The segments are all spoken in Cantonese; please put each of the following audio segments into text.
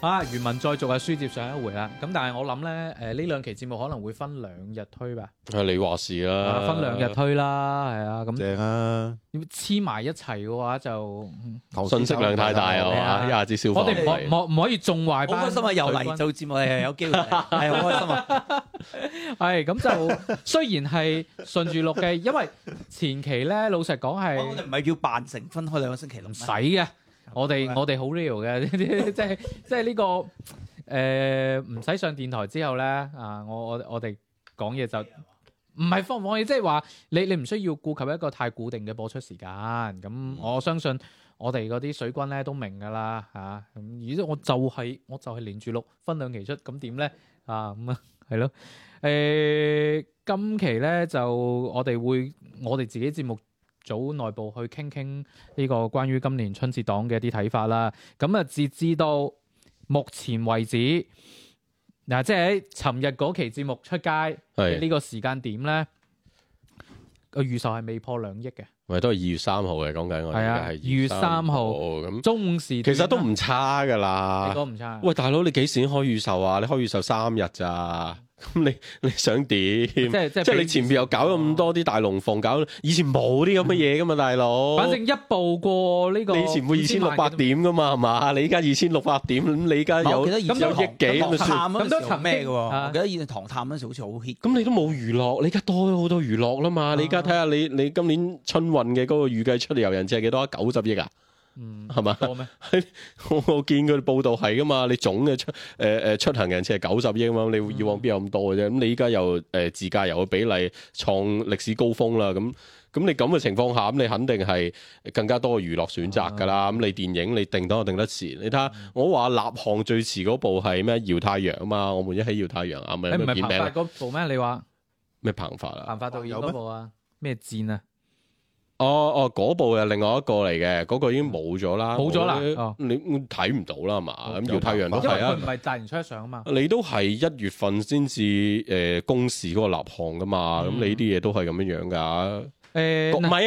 啊！餘文再續嘅書接上一回啦。咁但係我諗咧，誒呢兩期節目可能會分兩日推吧。係你話事啦，分兩日推啦，係啊。咁正啊！要黐埋一齊嘅話就信息量太大啊，一下子消化。我哋唔唔唔可以縱壞。好開心啊！又嚟做節目又係有機會，係好開心啊！係咁就雖然係順住錄嘅，因為前期咧老實講係唔係叫辦成分開兩個星期，唔使嘅。我哋 我哋好 real 嘅，即係即係呢個誒，唔、呃、使上電台之後咧，啊，我我我哋講嘢就唔係放唔放，嘢， 即係話你你唔需要顧及一個太固定嘅播出時間。咁我相信我哋嗰啲水軍咧都明噶啦，吓、啊、咁而我就係、是、我就係連住錄分兩期出，咁點咧啊咁啊係咯，誒、 呃，今期咧就我哋會我哋自己節目。組內部去傾傾呢個關於今年春節檔嘅一啲睇法啦。咁啊，截至到目前為止，嗱，即係喺尋日嗰期節目出街係呢個時間點咧，個預售係未破兩億嘅。喂，都係二月三號嚟講緊我哋，係二月三號咁中午時，其實都唔差噶啦，都唔差。喂，大佬，你幾時開預售啊？你開預售三日咋？咁你你想點？即係即係，你前邊又搞咁多啲大龍鳳，搞 以前冇啲咁嘅嘢噶嘛，大佬。反正一步過呢個。以前冇二千六百點噶嘛，係嘛？你而家二千六百點，咁你而家有有億幾咁啊？算咁都係咩嘅？我記得以前唐探嗰時好似好 hit。咁你都冇娛樂，你而家多咗好多娛樂啦嘛？你而家睇下你你今年春運嘅嗰個預計出嚟遊人次係幾多啊？九十億啊？嗯，係嘛吧？我嗎 我見佢哋報道係噶嘛，你總嘅出誒誒、呃、出行人次係九十億嘛，你以往邊有咁多嘅啫？咁、嗯、你依家又誒自駕遊嘅比例創歷史高峰啦。咁咁你咁嘅情況下，咁你肯定係更加多娛樂選擇噶啦。咁、啊、你電影你定檔定得遲，你睇下，嗯、我話立項最遲嗰部係咩？《搖太陽》啊嘛，我們一起搖太陽啊咪？你唔係彭發嗰部咩？你話咩彭發啦？彭發導演嗰部啊？咩麼戰啊？哦哦，嗰、哦、部又另外一個嚟嘅，嗰、那個已經冇咗啦，冇咗啦，你睇唔到啦，係嘛、嗯？咁耀、嗯、太陽都係啦、啊，佢唔係突然出得上啊嘛。你都係一月份先至誒公示嗰個立項噶嘛，咁你啲嘢都係咁樣樣㗎、啊。誒，唔係啊，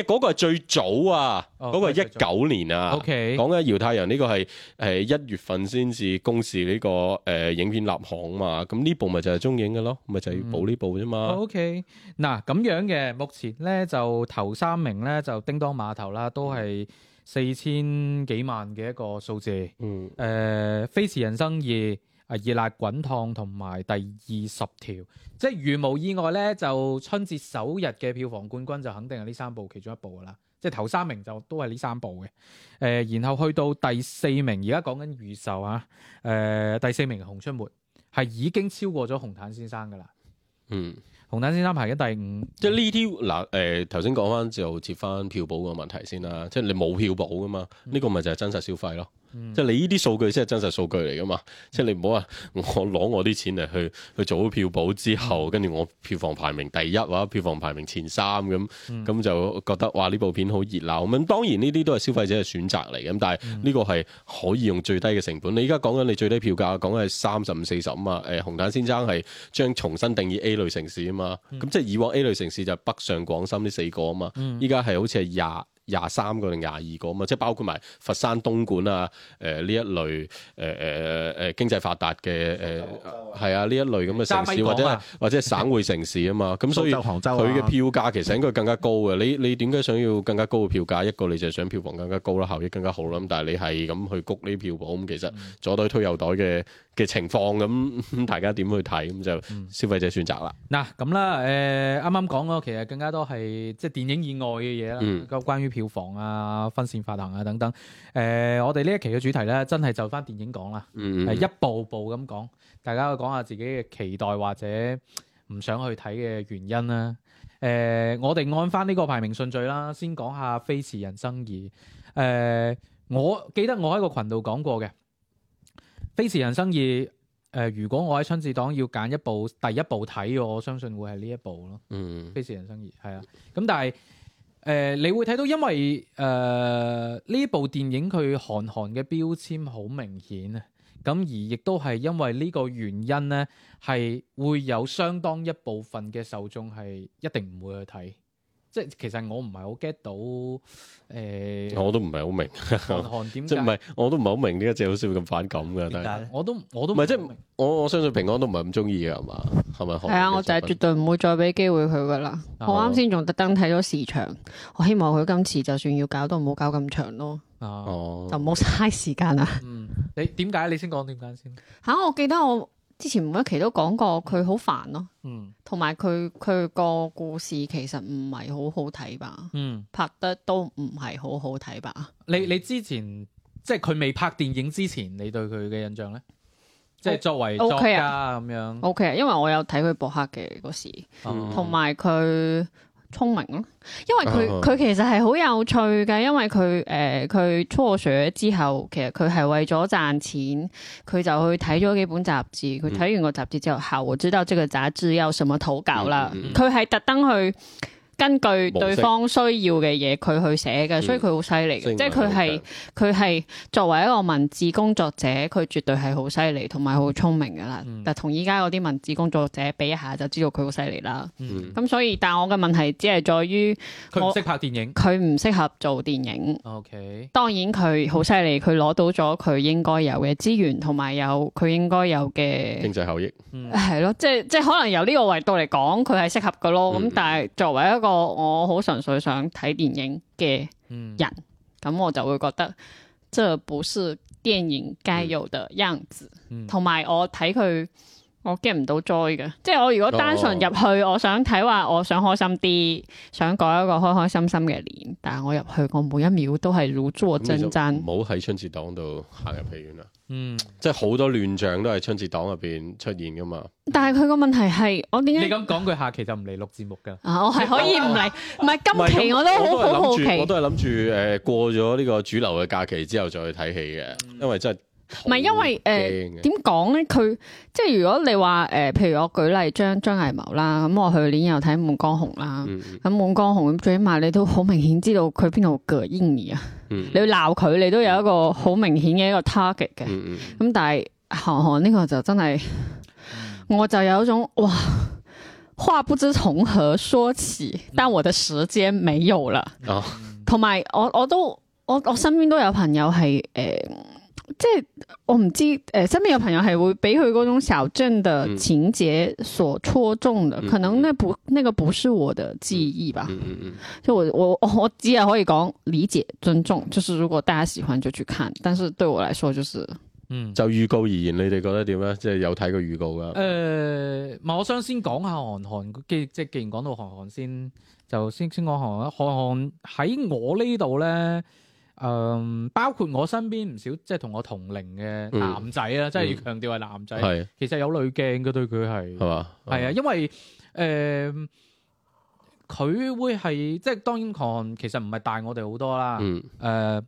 嗰、那個係最早啊，嗰、哦、個係一九年啊，講緊《搖、okay. 太陽》呢、這個係誒一月份先至公示呢、這個誒、呃、影片立項嘛，咁呢部咪就係中影嘅咯，咪、嗯、就係要補呢部啫嘛。O K，嗱咁樣嘅，目前咧就頭三名咧就《叮當碼頭》啦，都係四千幾萬嘅一個數字。嗯，誒、呃，《飛馳人生二》。熱辣滾燙同埋第二十條，即係如無意外咧，就春節首日嘅票房冠軍就肯定係呢三部其中一部㗎啦，即係頭三名就都係呢三部嘅。誒、呃，然後去到第四名，而家講緊預售啊，誒、呃、第四名熊出沒係已經超過咗紅毯先生㗎啦。嗯，紅毯先生排緊第五，即係呢啲嗱誒頭先講翻就接翻票補個問題先啦，即係你冇票補㗎嘛，呢、嗯、個咪就係真實消費咯。即係、嗯、你呢啲數據先係真實數據嚟噶嘛？即、就、係、是、你唔好話我攞我啲錢嚟去去做咗票補之後，跟住我票房排名第一或者票房排名前三咁，咁、嗯、就覺得哇呢部片好熱鬧咁。當然呢啲都係消費者嘅選擇嚟嘅，但係呢個係可以用最低嘅成本。你而家講緊你最低票價，講緊係三十五四十啊嘛。誒、呃，紅毯先生係將重新定義 A 類城市啊嘛。咁、嗯、即係以往 A 類城市就北上廣深呢四個啊嘛。依家係好似係廿，廿三個定廿二個啊嘛，即係包括埋佛山、東莞啊，誒、呃、呢一類誒誒誒經濟發達嘅誒係啊呢一類咁嘅城市，哎呃呃、或者、呃、或者省會城市啊嘛，咁所以佢嘅票價其實應該更加高嘅。你你點解想要更加高嘅票價？一個你就係想票房更加高啦，效益更加好啦。嗯、但係你係咁去谷呢票房，咁，其實左袋推右袋嘅嘅情況咁， 大家點去睇咁就消費者選擇啦。嗱咁啦誒，啱啱講咯，其實更加多係即係電影以外嘅嘢啦，個關票房啊、分線發行啊等等，誒、呃，我哋呢一期嘅主題咧，真係就翻電影講啦，係、mm hmm. 一步步咁講，大家講下自己嘅期待或者唔想去睇嘅原因啦、啊。誒、呃，我哋按翻呢個排名順序啦，先講下《飛馳人生二》呃。誒，我記得我喺個羣度講過嘅《飛馳人生二》呃。誒，如果我喺春節檔要揀一部第一部睇嘅，我相信會係呢一部咯。嗯、mm，《飛馳人生二》係啊，咁但係。誒、呃，你會睇到，因為誒呢、呃、部電影佢韓寒嘅標籤好明顯啊，咁而亦都係因為呢個原因咧，係會有相當一部分嘅受眾係一定唔會去睇。即係其實我唔係好 get 到，誒、欸， 我都唔係好明。點即係唔係我都唔係好明呢一隻老少會咁反感嘅，但係我都我都唔係即係我我相信平安都唔係咁中意嘅係嘛？係咪？係啊、嗯！我就係絕對唔會再俾機會佢㗎啦。啊、我啱先仲特登睇咗時長，我希望佢今次就算要搞都唔好搞咁長咯。哦、啊，就唔好嘥時間啊！嗯，你點解你先講點解先？吓、啊，我記得我。之前每一期都講過佢好煩咯，嗯，同埋佢佢個故事其實唔係好好睇吧，嗯，拍得都唔係好好睇吧。你你之前、嗯、即係佢未拍電影之前，你對佢嘅印象呢？Oh, 即係作為作家咁樣、okay 啊，okay 啊，因為我有睇佢博客嘅嗰時，同埋佢。聰明咯，因為佢佢其實係好有趣嘅，因為佢誒佢初學咗之後，其實佢係為咗賺錢，佢就去睇咗幾本雜誌，佢睇、嗯、完個雜誌之後，我知道這個雜誌有什麼投稿啦，佢係特登去。根據對方需要嘅嘢，佢去寫嘅，嗯、所以佢好犀利嘅。即係佢係佢係作為一個文字工作者，佢絕對係好犀利，同埋好聰明噶啦。嗯、但同依家嗰啲文字工作者比一下，就知道佢好犀利啦。咁、嗯、所以，但係我嘅問題只係在於我，佢唔識拍電影，佢唔適合做電影。O Okay K，當然佢好犀利，佢攞到咗佢應該有嘅資源，同埋有佢應該有嘅經濟效益。係咯，即係即係可能由呢個維度嚟講，佢係適合嘅咯。咁但係作為一個，我好純粹想睇電影嘅人，咁、嗯、我就會覺得這不是電影該有的樣子，同埋、嗯嗯、我睇佢。我驚唔到災噶，即係我如果單純入去，我想睇話，我想開心啲，想過一個開開心心嘅年。但係我入去，我每一秒都係如坐針氈。唔好喺春節檔度行入戲院啦。嗯，即係好多亂象都係春節檔入邊出現噶嘛。但係佢個問題係，我點解你咁講？佢下期就唔嚟錄節目噶 、啊。我係可以唔嚟，唔係今期我都好好好奇。我都係諗住誒，過咗呢個主流嘅假期之後再去睇戲嘅，因為真係。唔係因為誒，點講咧？佢即係如果你話誒、呃，譬如我舉例張張藝謀啦，咁我去年又睇《滿江紅》啦，咁《滿江紅》咁最起碼你都好明顯知道佢邊度嘅嬰兒啊，嗯嗯，你要鬧佢你都有一個好明顯嘅一個 target 嘅，咁、嗯嗯嗯、但係韓寒呢個就真係，我就有一種哇，話不知從何說起，但我的時間沒有啦。哦、嗯嗯，同埋我我都我我，我身邊都有朋友係誒。呃即係我唔知誒、欸，身邊有朋友係會俾佢嗰種小鎮的情節所戳中嘅，嗯、可能呢不那個不是我的記憶吧。嗯嗯嗯，就、嗯嗯、我我我只係可以講理解尊重，就是如果大家喜歡就去看，但是對我來說就是，嗯，就預告而言，你哋覺得點咧？即係有睇過預告噶？誒，唔，我想先講下韓寒，即係即係，既然講到韓寒先，就先先講韓寒啦，韓寒喺我呢度咧。嗯，包括我身邊唔少即係同我同齡嘅男仔啦，嗯、即係要強調係男仔，嗯、其實有濾鏡嘅對佢係，係啊，因為誒，佢、呃、會係即係當然，其實唔係大我哋好多啦，誒、嗯，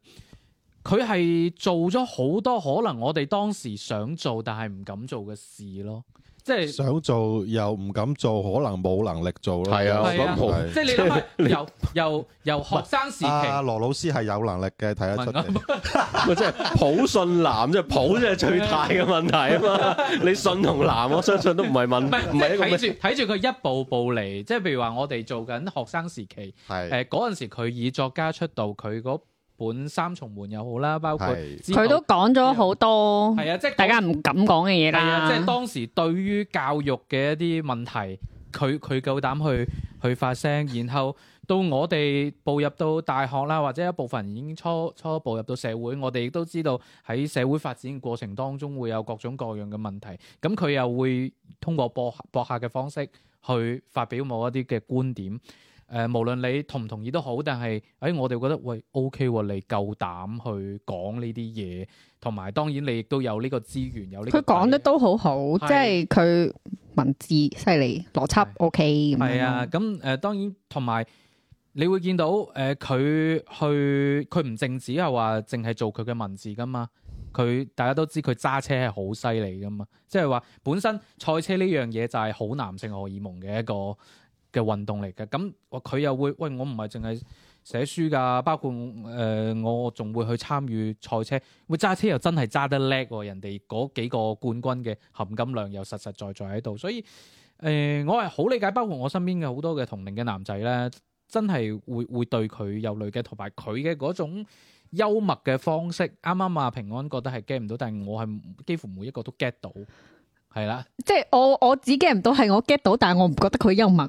佢係、呃、做咗好多可能我哋當時想做但係唔敢做嘅事咯。即係想做又唔敢做，可能冇能力做咯。係啊，即係你由由由學生時期，阿羅老師係有能力嘅，睇得出。咪即係普信男，即係普即係最大嘅問題啊嘛！你信同男，我相信都唔係問題。睇住睇住佢一步步嚟，即係譬如話我哋做緊學生時期，誒嗰陣時佢以作家出道，佢嗰本三重門又好啦，包括佢是後都講咗好多。係啊，即係大家唔敢講嘅嘢啦。係啊，即係當時對於教育嘅一啲問題，佢佢夠膽去去發聲。然後到我哋步入到大學啦，或者一部分人已經初初步入到社會，我哋亦都知道喺社會發展嘅過程當中會有各種各樣嘅問題。咁佢又會通過博博客嘅方式去發表某一啲嘅觀點。誒、呃，無論你同唔同意都好，但係，誒、哎，我哋覺得喂，O K 喎，okay, 你夠膽去講呢啲嘢，同埋，當然你亦都有呢個資源，有呢。佢講得都好好，是即係佢文字犀利，邏輯 O K。係樣啊，咁誒、呃，當然同埋你會見到，誒、呃，佢去佢唔淨止係話淨係做佢嘅文字㗎嘛，佢大家都知佢揸車係好犀利㗎嘛，即係話本身賽車呢樣嘢就係好男性荷爾蒙嘅一個。嘅運動嚟嘅。咁，佢又會喂，我唔係淨係寫書㗎，包括誒、呃、我仲會去參與賽車，會揸車又真係揸得叻喎、哦。人哋嗰幾個冠軍嘅含金量又實實在在喺度，所以誒、呃、我係好理解。包括我身邊嘅好多嘅同齡嘅男仔咧，真係會會對佢有類嘅同埋佢嘅嗰種幽默嘅方式，啱啱啊，平安覺得係 get 唔到，但係我係幾乎每一個都 get 到，係啦，即係我我只 get 唔到係我 get 到，但係我唔覺得佢幽默。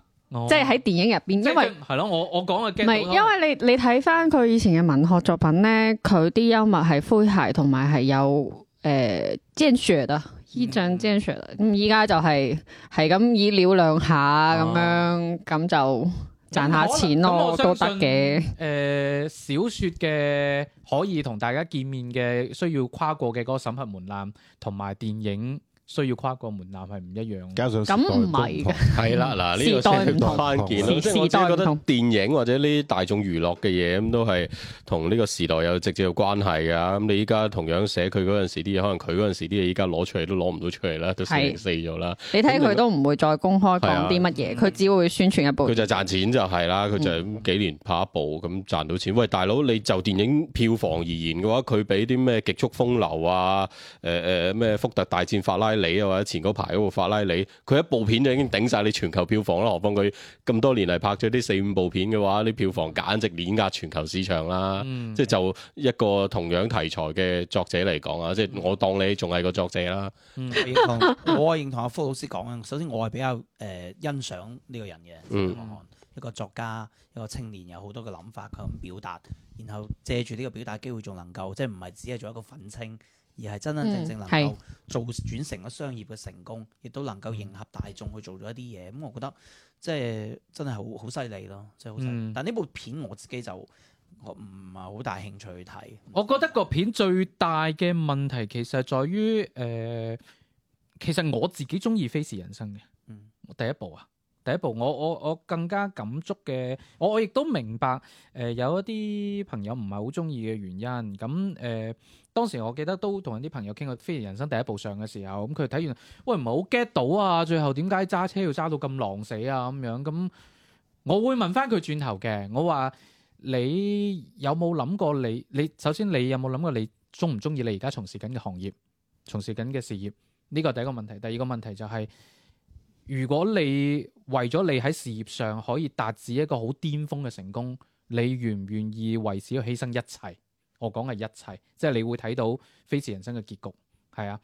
即係喺電影入邊，是因為係咯，我我講嘅驚唔係，因為，因為你你睇翻佢以前嘅文學作品咧，佢啲、嗯、幽默係詼諧同埋係有誒 genre 啊，依仗 genre 咁依家就係係咁以料兩下咁樣，咁就賺下錢咯，都得嘅。誒、呃、小説嘅可以同大家見面嘅需要跨過嘅嗰個審核門檻，同埋電影。需要跨過門檻係唔一樣，加上，咁唔係嘅，係啦嗱，呢個 時代唔同，時代唔同，時代唔同，我覺得電影或者呢啲大眾娛樂嘅嘢咁都係同呢個時代有直接嘅關係嘅。咁你依家同樣寫佢嗰陣時啲嘢，可能佢嗰陣時啲嘢依家攞出嚟都攞唔到出嚟啦，都四零四咗啦。你睇佢都唔會再公開講啲乜嘢，佢、啊、只會宣傳一部。佢、嗯、就賺錢就係啦，佢就係幾年拍一部咁賺到錢。喂，大佬，你就電影票房而言嘅話，佢比啲咩極速風流啊，誒誒咩福特大戰法拉？你啊，或者前嗰排嗰部法拉利，佢一部片就已經頂晒你全球票房啦。何況佢咁多年嚟，拍咗啲四五部片嘅話，啲票房簡直碾壓全球市場啦。嗯、即係就一個同樣題材嘅作者嚟講啊，嗯、即係我當你仲係個作者啦、嗯。我啊認同阿福老師講啊。首先我係比較誒、呃、欣賞呢個人嘅、嗯，一個作家，一個青年有好多嘅諗法，佢咁表達，然後借住呢個表達機會仲能夠，即係唔係只係做一個憤青。而係真真正正能夠做轉成咗商業嘅成功，是亦都能夠迎合大眾去做咗一啲嘢，咁我覺得即係真係好好犀利咯，真係好犀利。嗯、但呢部片我自己就我唔係好大興趣去睇。我覺得個片最大嘅問題其實在於誒、呃，其實我自己中意《飛馳人生》嘅、嗯，第一部啊，第一部我我我更加感觸嘅，我我亦都明白誒、呃、有一啲朋友唔係好中意嘅原因，咁誒。呃當時我記得都同啲朋友傾過《飛馳人生》第一部上嘅時候，咁佢睇完，喂唔係好 get 到啊！最後點解揸車要揸到咁狼死啊？咁樣咁，我會問翻佢轉頭嘅，我話你有冇諗過你？你首先你有冇諗過你中唔中意你而家從事緊嘅行業、從事緊嘅事業？呢個第一個問題。第二個問題就係，如果你為咗你喺事業上可以達至一個好巔峰嘅成功，你願唔願意為此犧牲一切？我講嘅一切，即係你會睇到《飛馳人生》嘅結局，係啊，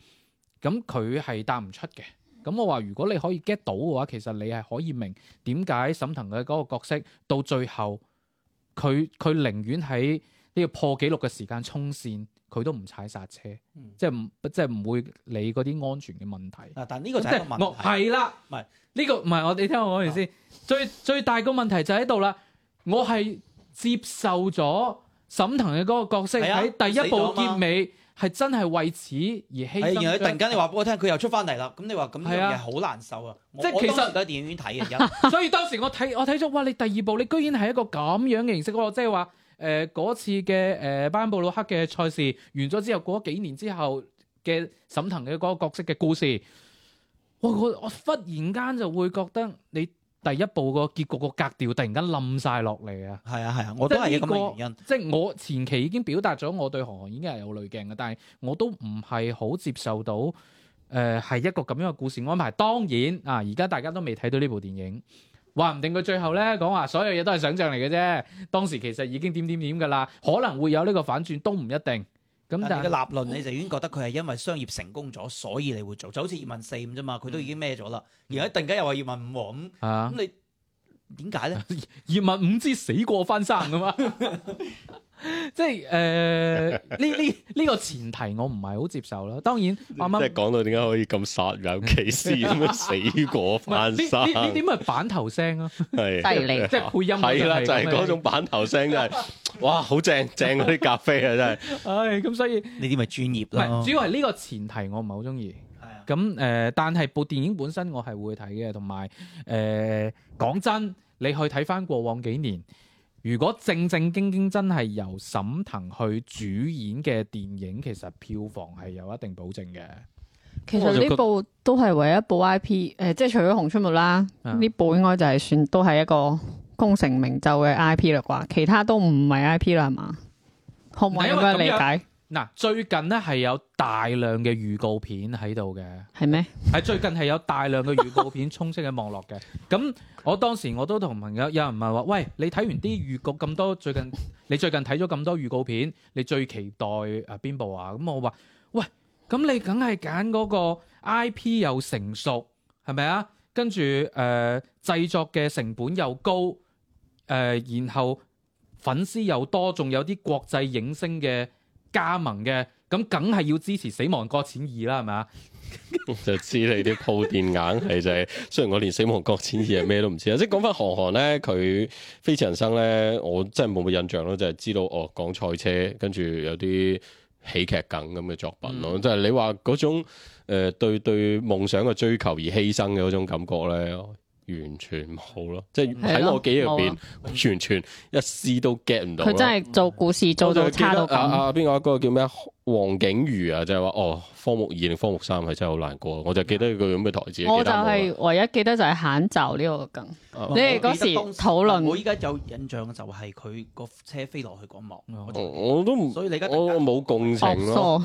咁佢係答唔出嘅。咁我話如果你可以 get 到嘅話，其實你係可以明點解沈騰嘅嗰個角色到最後，佢佢寧願喺呢個破紀錄嘅時間衝線，佢都唔踩煞車，嗯、即係唔即係唔會理嗰啲安全嘅問題。嗱，但呢個就係一個問題，係啦，唔係呢個唔係我哋聽我講完先。啊、最最大個問題就喺度啦，我係接受咗。沈騰嘅嗰個角色喺的第一部結尾係真係為此而犧牲，突然間你話俾我聽，佢、嗯、又出翻嚟啦。咁你話咁樣嘢好的難受啊！的我即係其實唔得電影院睇嘅。 所以當時我睇我睇咗，哇！你第二部你居然係一個咁樣嘅形式，即係話誒嗰次嘅誒、呃、班布魯克嘅賽事完咗之後，過咗幾年之後嘅沈騰嘅嗰個角色嘅故事，哇我我我忽然間就會覺得你。第一部個結局個格調突然間冧晒落嚟啊！係啊係啊，我都係一個原因。這個、即係我前期已經表達咗我對韓寒已經係有濾鏡嘅，但係我都唔係好接受到誒係、呃、一個咁樣嘅故事安排。當然啊，而家大家都未睇到呢部電影，話唔定佢最後咧講話所有嘢都係想像嚟嘅啫。當時其實已經點點點㗎啦，可能會有呢個反轉都唔一定。咁但係個立論你就已經覺得佢係因為商業成功咗，所以你會做，就好似葉問四五啫嘛，佢都已經咩咗啦，而家突然間又話葉問、啊、問五喎，咁咁你點解咧？葉問五知死過翻生㗎嘛？ 即係誒，呢呢呢個前提我唔係好接受啦。當然，啱啱即係講到點解可以咁煞有介事咁樣死果翻生？唔係，呢啲咪反頭聲咯，係即係配音係啦，就係嗰種反頭聲，真係哇，好正正嗰啲咖啡啊，真係。唉，咁所以呢啲咪專業啦。主要係呢個前提我唔係好中意。係啊。咁誒，但係部電影本身我係會睇嘅，同埋誒，講真，你去睇翻過往幾年。如果正正經經真係由沈騰去主演嘅電影，其實票房係有一定保證嘅。其實呢部都係唯一部 IP，誒、呃，即係除咗《熊出沒》啦，呢、嗯、部應該就係算都係一個功成名就嘅 IP 啦啩，其他都唔係 IP 啦，係嘛？可唔可以咁樣有有理解？嗱，最近咧係有大量嘅預告片喺度嘅，係咩？係最近係有大量嘅預告片充斥喺網絡嘅。咁我當時我都同朋友有人問話，喂，你睇完啲預告咁多，最近你最近睇咗咁多預告片，你最期待啊邊部啊？咁我話，喂，咁你梗係揀嗰個 IP 又成熟，係咪啊？跟住誒製作嘅成本又高，誒、呃、然後粉絲又多，仲有啲國際影星嘅。加盟嘅咁梗係要支持《死亡擱淺二》啦，係咪啊？就知你啲鋪墊硬係就係，雖然我連《死亡擱淺二》係咩都唔知啊！即係講翻韓寒咧，佢《飛馳人生》咧，我真係冇乜印象咯，就係知道哦，講賽車跟住有啲喜劇梗咁嘅作品咯，嗯、就係你話嗰種誒對對夢想嘅追求而犧牲嘅嗰種感覺咧。完全冇咯，即係喺我記憶入邊，完全一絲都 get 唔到。佢真係做故事做到差到咁。我就記得啊邊個嗰個叫咩黃景瑜啊，就係話哦，科目二定科目三係真係好難過。我就記得佢咁嘅台詞。我就係唯一記得就係險驟呢個梗。你哋嗰時討論。我依家有印象就係佢個車飛落去嗰幕。我都唔。所以你而家我冇共情咯。.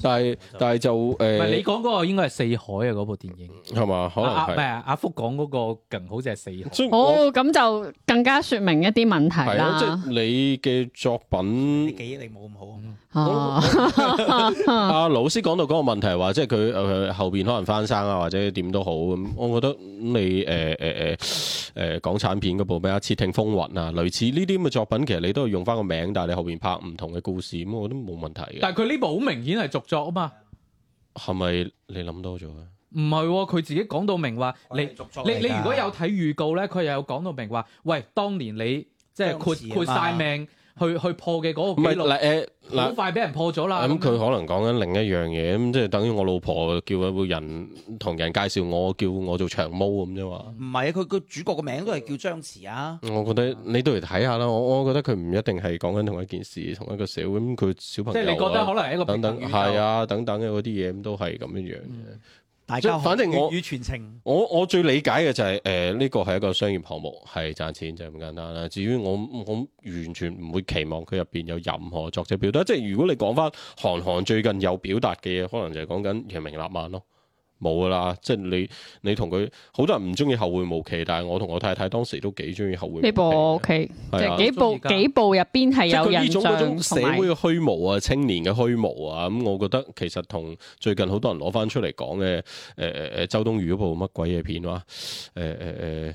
但係錯但係就誒，呃、你講嗰個應該係四海啊嗰部電影係嘛？可能係唔係阿福講嗰個更，好似係四海。以好，咁我就更加説明一啲問題啦。即係你嘅作品你記憶力冇咁好。阿、啊、老師講到嗰個問題，話即係佢誒後邊可能翻生啊，或者點都好咁。我覺得你誒誒誒誒，港產片嗰部咩《竊聽風雲》啊，類似呢啲咁嘅作品，其實你都係用翻個名，但係你後邊拍唔同嘅故事，咁我都冇問題。但係佢呢部好明顯係續作啊嘛。係咪你諗多咗啊？唔係、哦，佢自己講到明話，是是你你你如果有睇預告咧，佢又有講到明話，喂，當年你即係豁豁晒命。去去破嘅嗰個記錄，好快俾人破咗啦。咁佢可能講緊另一樣嘢，咁即係等於我老婆叫一個人同人介紹我，叫我做長毛咁啫嘛。唔係、嗯、啊，佢佢主角個名都係叫張弛啊。我覺得你到嚟睇下啦，我我覺得佢唔一定係講緊同一件事，同一個社會，咁、嗯、佢小朋友即係你覺得可能係一個等等，係啊，等等嘅嗰啲嘢，都係咁樣樣嘅。嗯即反正我粵語全程，我我最理解嘅就係、是，誒、呃、呢、這個係一個商業項目，係賺錢就係咁簡單啦。至於我我，我完全唔會期望佢入邊有任何作者表達。即係如果你講翻韓寒最近有表達嘅嘢，可能就係講緊揚明立萬咯。冇噶啦，即係你你同佢好多人唔中意後會無期，但係我同我太太當時都幾中意後會無期。呢部啊、幾部 O K，即係幾部幾部入邊係有印象。即係佢呢種嗰種社會嘅虛無啊，和 青年嘅虛無啊，咁我覺得其實同最近好多人攞翻出嚟講嘅誒誒誒周冬雨嗰部乜鬼嘢片哇誒誒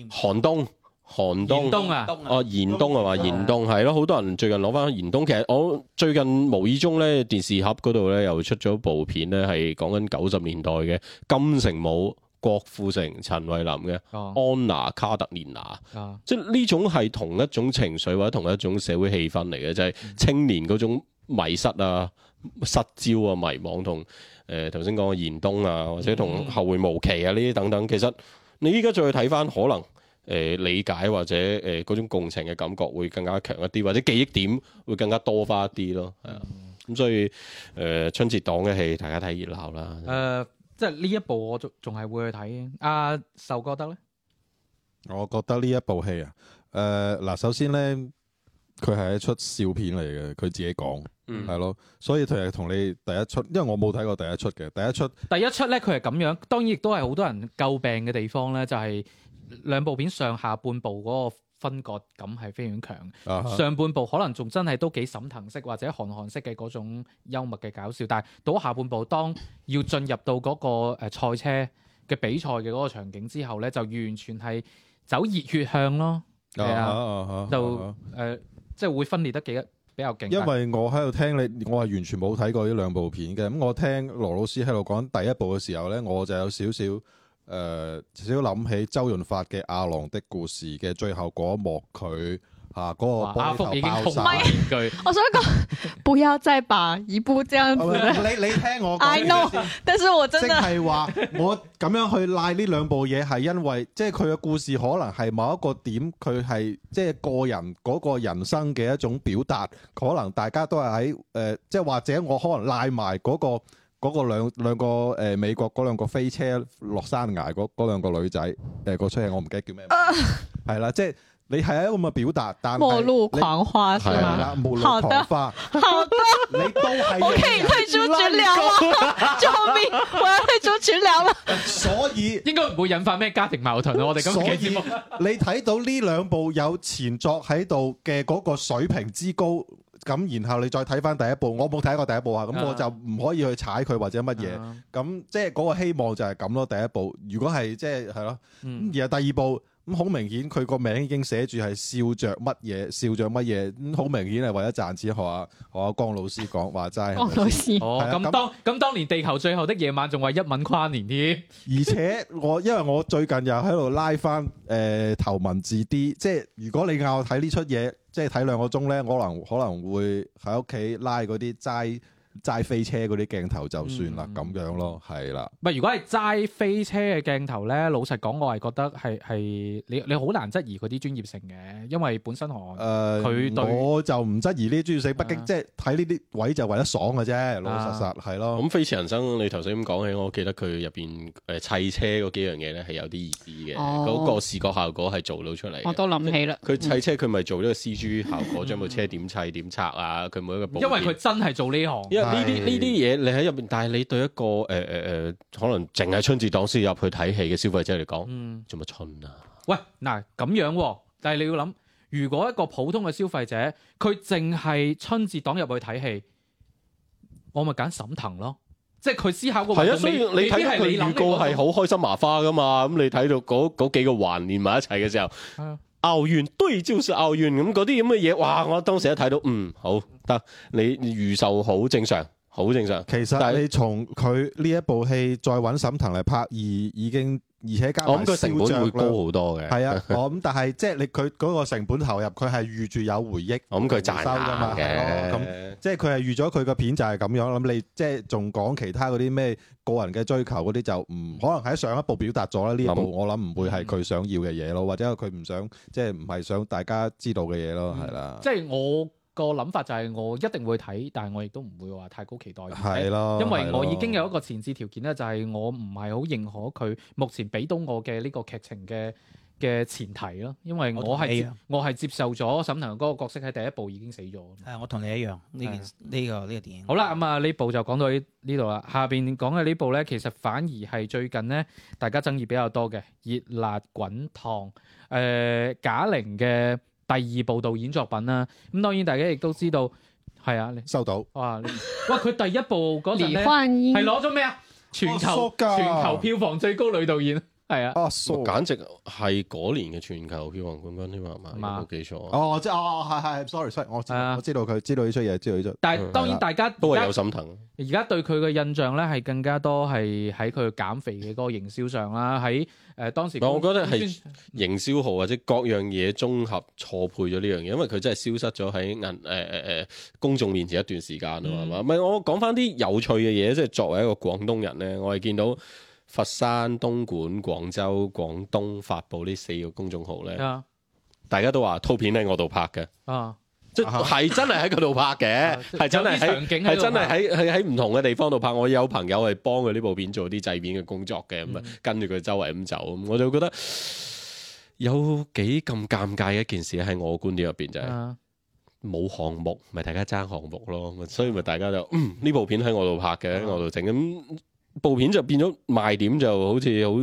誒寒冬。寒冬啊！哦、啊，嚴冬係嘛？嚴冬係咯，好、啊、多人最近攞翻嚴冬。其實我最近無意中咧，電視盒嗰度咧又出咗部片咧，係講緊九十年代嘅金城武、郭富城、陳慧琳嘅、哦、安娜瑪德蓮娜。哦、即係呢種係同一種情緒或者同一種社會氣氛嚟嘅，就係、是、青年嗰種迷失啊、失焦啊、迷惘。同誒頭先講嘅嚴冬啊，或者同後會無期啊呢啲等等。其實你依家再去睇翻，可能。誒，理解或者誒嗰、呃、種共情嘅感覺會更加強一啲，或者記憶點會更加多翻一啲咯。係啊，咁、嗯嗯、所以誒、呃、春節檔嘅戲，大家睇熱鬧啦。誒、呃，即係呢一部我仲仲係會去睇嘅。阿壽覺得咧？呢我覺得呢一部戲啊，誒、呃、嗱，首先咧，佢係一出笑片嚟嘅，佢自己講係咯，所以佢係同你第一出，因為我冇睇過第一出嘅第一出。第一出咧，佢係咁樣，當然亦都係好多人詬病嘅地方咧，就係、是。兩部片上下半部嗰個分割感係非常強，uh huh. 上半部可能仲真係都幾沈騰式或者韓寒式嘅嗰種幽默嘅搞笑，但係到下半部，當要進入到嗰個誒賽車嘅比賽嘅嗰個場景之後呢，就完全係走熱血向咯，係、uh huh. 啊，uh huh. 就誒即係會分裂得幾比較勁。因為我喺度聽你，我係完全冇睇過呢兩部片嘅，咁我聽羅老師喺度講第一部嘅時候呢，我就有少少。誒、呃、至少諗起周潤發嘅《阿郎的故事》嘅最後嗰一幕，佢嗰個包袱爆晒我想講不要再把一部這樣子， 你你聽我講嘅先 I know，但是我真係話我咁樣去賴呢兩部嘢，係因為即係佢嘅故事可能係某一個點，佢係即係個人嗰個人生嘅一種表達，可能大家都係喺誒，即、呃、係或者我可能賴埋嗰個。嗰個兩兩個、呃、美國嗰兩個飛車落山崖嗰嗰兩個女仔誒個出戲我唔記得叫咩名係啦，即係、呃就是、你係一個咁嘅表達？末路狂花係嘛？好的，好的。我可以去出主聊嗎？救命！我去退出主聊啦。所以 應該唔會引發咩家庭矛盾咯。我哋咁嘅節目你睇到呢兩部有前作喺度嘅嗰個水平之高。咁然後你再睇翻第一部，我冇睇過第一部啊，咁、嗯、 我就唔可以去踩佢或者乜嘢。咁 即係嗰個希望就係咁咯。第一部，如果係即係係咯，然後第二部咁好、嗯、明顯，佢個名已經寫住係笑着乜嘢，笑着乜嘢，好、嗯、明顯係為咗賺錢學啊，學阿江老師講話齋。江老師咁當咁當年地球最後的夜晚仲話一吻跨年添， 而且我因為我最近又喺度拉翻誒頭文字 D，即係如果你嗌我睇呢出嘢。即係睇兩個鐘呢，我可能可能會喺屋企拉嗰啲齋。齋飛車嗰啲鏡頭就算啦，咁、嗯、樣咯，係啦。唔如果係齋飛車嘅鏡頭咧，老實講我係覺得係係你你好難質疑佢啲專業性嘅，因為本身我誒，佢、呃、我就唔質疑呢啲專業性、啊、北京即係睇呢啲位就為得爽嘅啫，老、啊、老實實係咯。咁飛馳人生你頭先咁講起，我記得佢入邊誒砌車嗰幾樣嘢咧係有啲意思嘅，嗰、哦、個視覺效果係做到出嚟。我都諗起啦，佢砌車佢咪、嗯、做咗個 CG 效果，將部 車點砌點拆啊，佢每一個部因為佢真係做呢行。呢啲呢啲嘢你喺入邊，但係你對一個誒誒誒，可能淨係春節檔先入去睇戲嘅消費者嚟講，做乜春啊？喂，嗱咁樣、啊，但係你要諗，如果一個普通嘅消費者，佢淨係春節檔入去睇戲，我咪揀沈騰咯，即係佢思考過係啊。所以你睇佢預告係好開心麻花噶嘛？咁你睇到嗰嗰幾個環連埋一齊嘅時候。嗯拗完堆招式，拗完咁嗰啲咁嘅嘢，哇！我當時一睇到，嗯，好得你預售好正常，好正常。其實但係你從佢呢一部戲再揾沈騰嚟拍二，已已經。而且加成本會高好多嘅，係 啊！咁但係即係你佢嗰個成本投入，佢係預住有回憶，我諗佢收噶嘛，咁，即係佢係預咗佢個片就係咁樣。我、嗯、你即係仲講其他嗰啲咩個人嘅追求嗰啲就唔可能喺上一部表達咗啦。呢部我諗唔會係佢想要嘅嘢咯，或者佢唔想即係唔係想大家知道嘅嘢咯，係啦、嗯。的即係我。個諗法就係我一定會睇，但係我亦都唔會話太高期待。係咯，因為我已經有一個前置條件咧，就係我唔係好認可佢目前俾到我嘅呢個劇情嘅嘅前提咯。因為我係我係接受咗沈騰嗰個角色喺第一部已經死咗。係，我同你一樣呢件呢個呢個電影。好啦，咁啊呢部就講到呢呢度啦。下邊講嘅呢部咧，其實反而係最近呢，大家爭議比較多嘅熱辣滾燙，誒，賈玲嘅。第二部導演作品啦，啊，咁當然大家亦都知道，係啊，你收到。哇！哇！佢第一部嗰陣係攞咗咩啊？全球、哦啊、全球票房最高女導演，係啊。啊、哦，簡直係嗰年嘅全球票房冠軍添啊嘛，冇記錯。哦，即係哦，係 sorry sorry，我知，我知道，我知道佢，知道呢出嘢，知道呢出。但係、嗯、當然大家都係有心疼。而家對佢嘅印象咧，係更加多係喺佢減肥嘅嗰個營銷上啦，喺。誒當時，我覺得係營銷號或者各樣嘢綜合錯配咗呢樣嘢，因為佢真係消失咗喺銀誒誒誒公眾面前一段時間啊嘛。唔係，嗯、我講翻啲有趣嘅嘢，即係作為一個廣東人咧，我係見到佛山、東莞、廣州、廣東發布呢四個公眾號咧，嗯、大家都話套片喺我度拍嘅。嗯即係真係喺嗰度拍嘅，係 真係喺係真係喺喺唔同嘅地方度拍。我有朋友係幫佢呢部片做啲製片嘅工作嘅，咁啊、嗯、跟住佢周圍咁走，我就覺得有幾咁尷尬嘅一件事喺我嘅觀點入邊就係、是、冇、啊、項目，咪大家爭項目咯，所以咪大家就呢、嗯、部片喺我度拍嘅，喺、嗯、我度整咁部片就變咗賣點就好似好。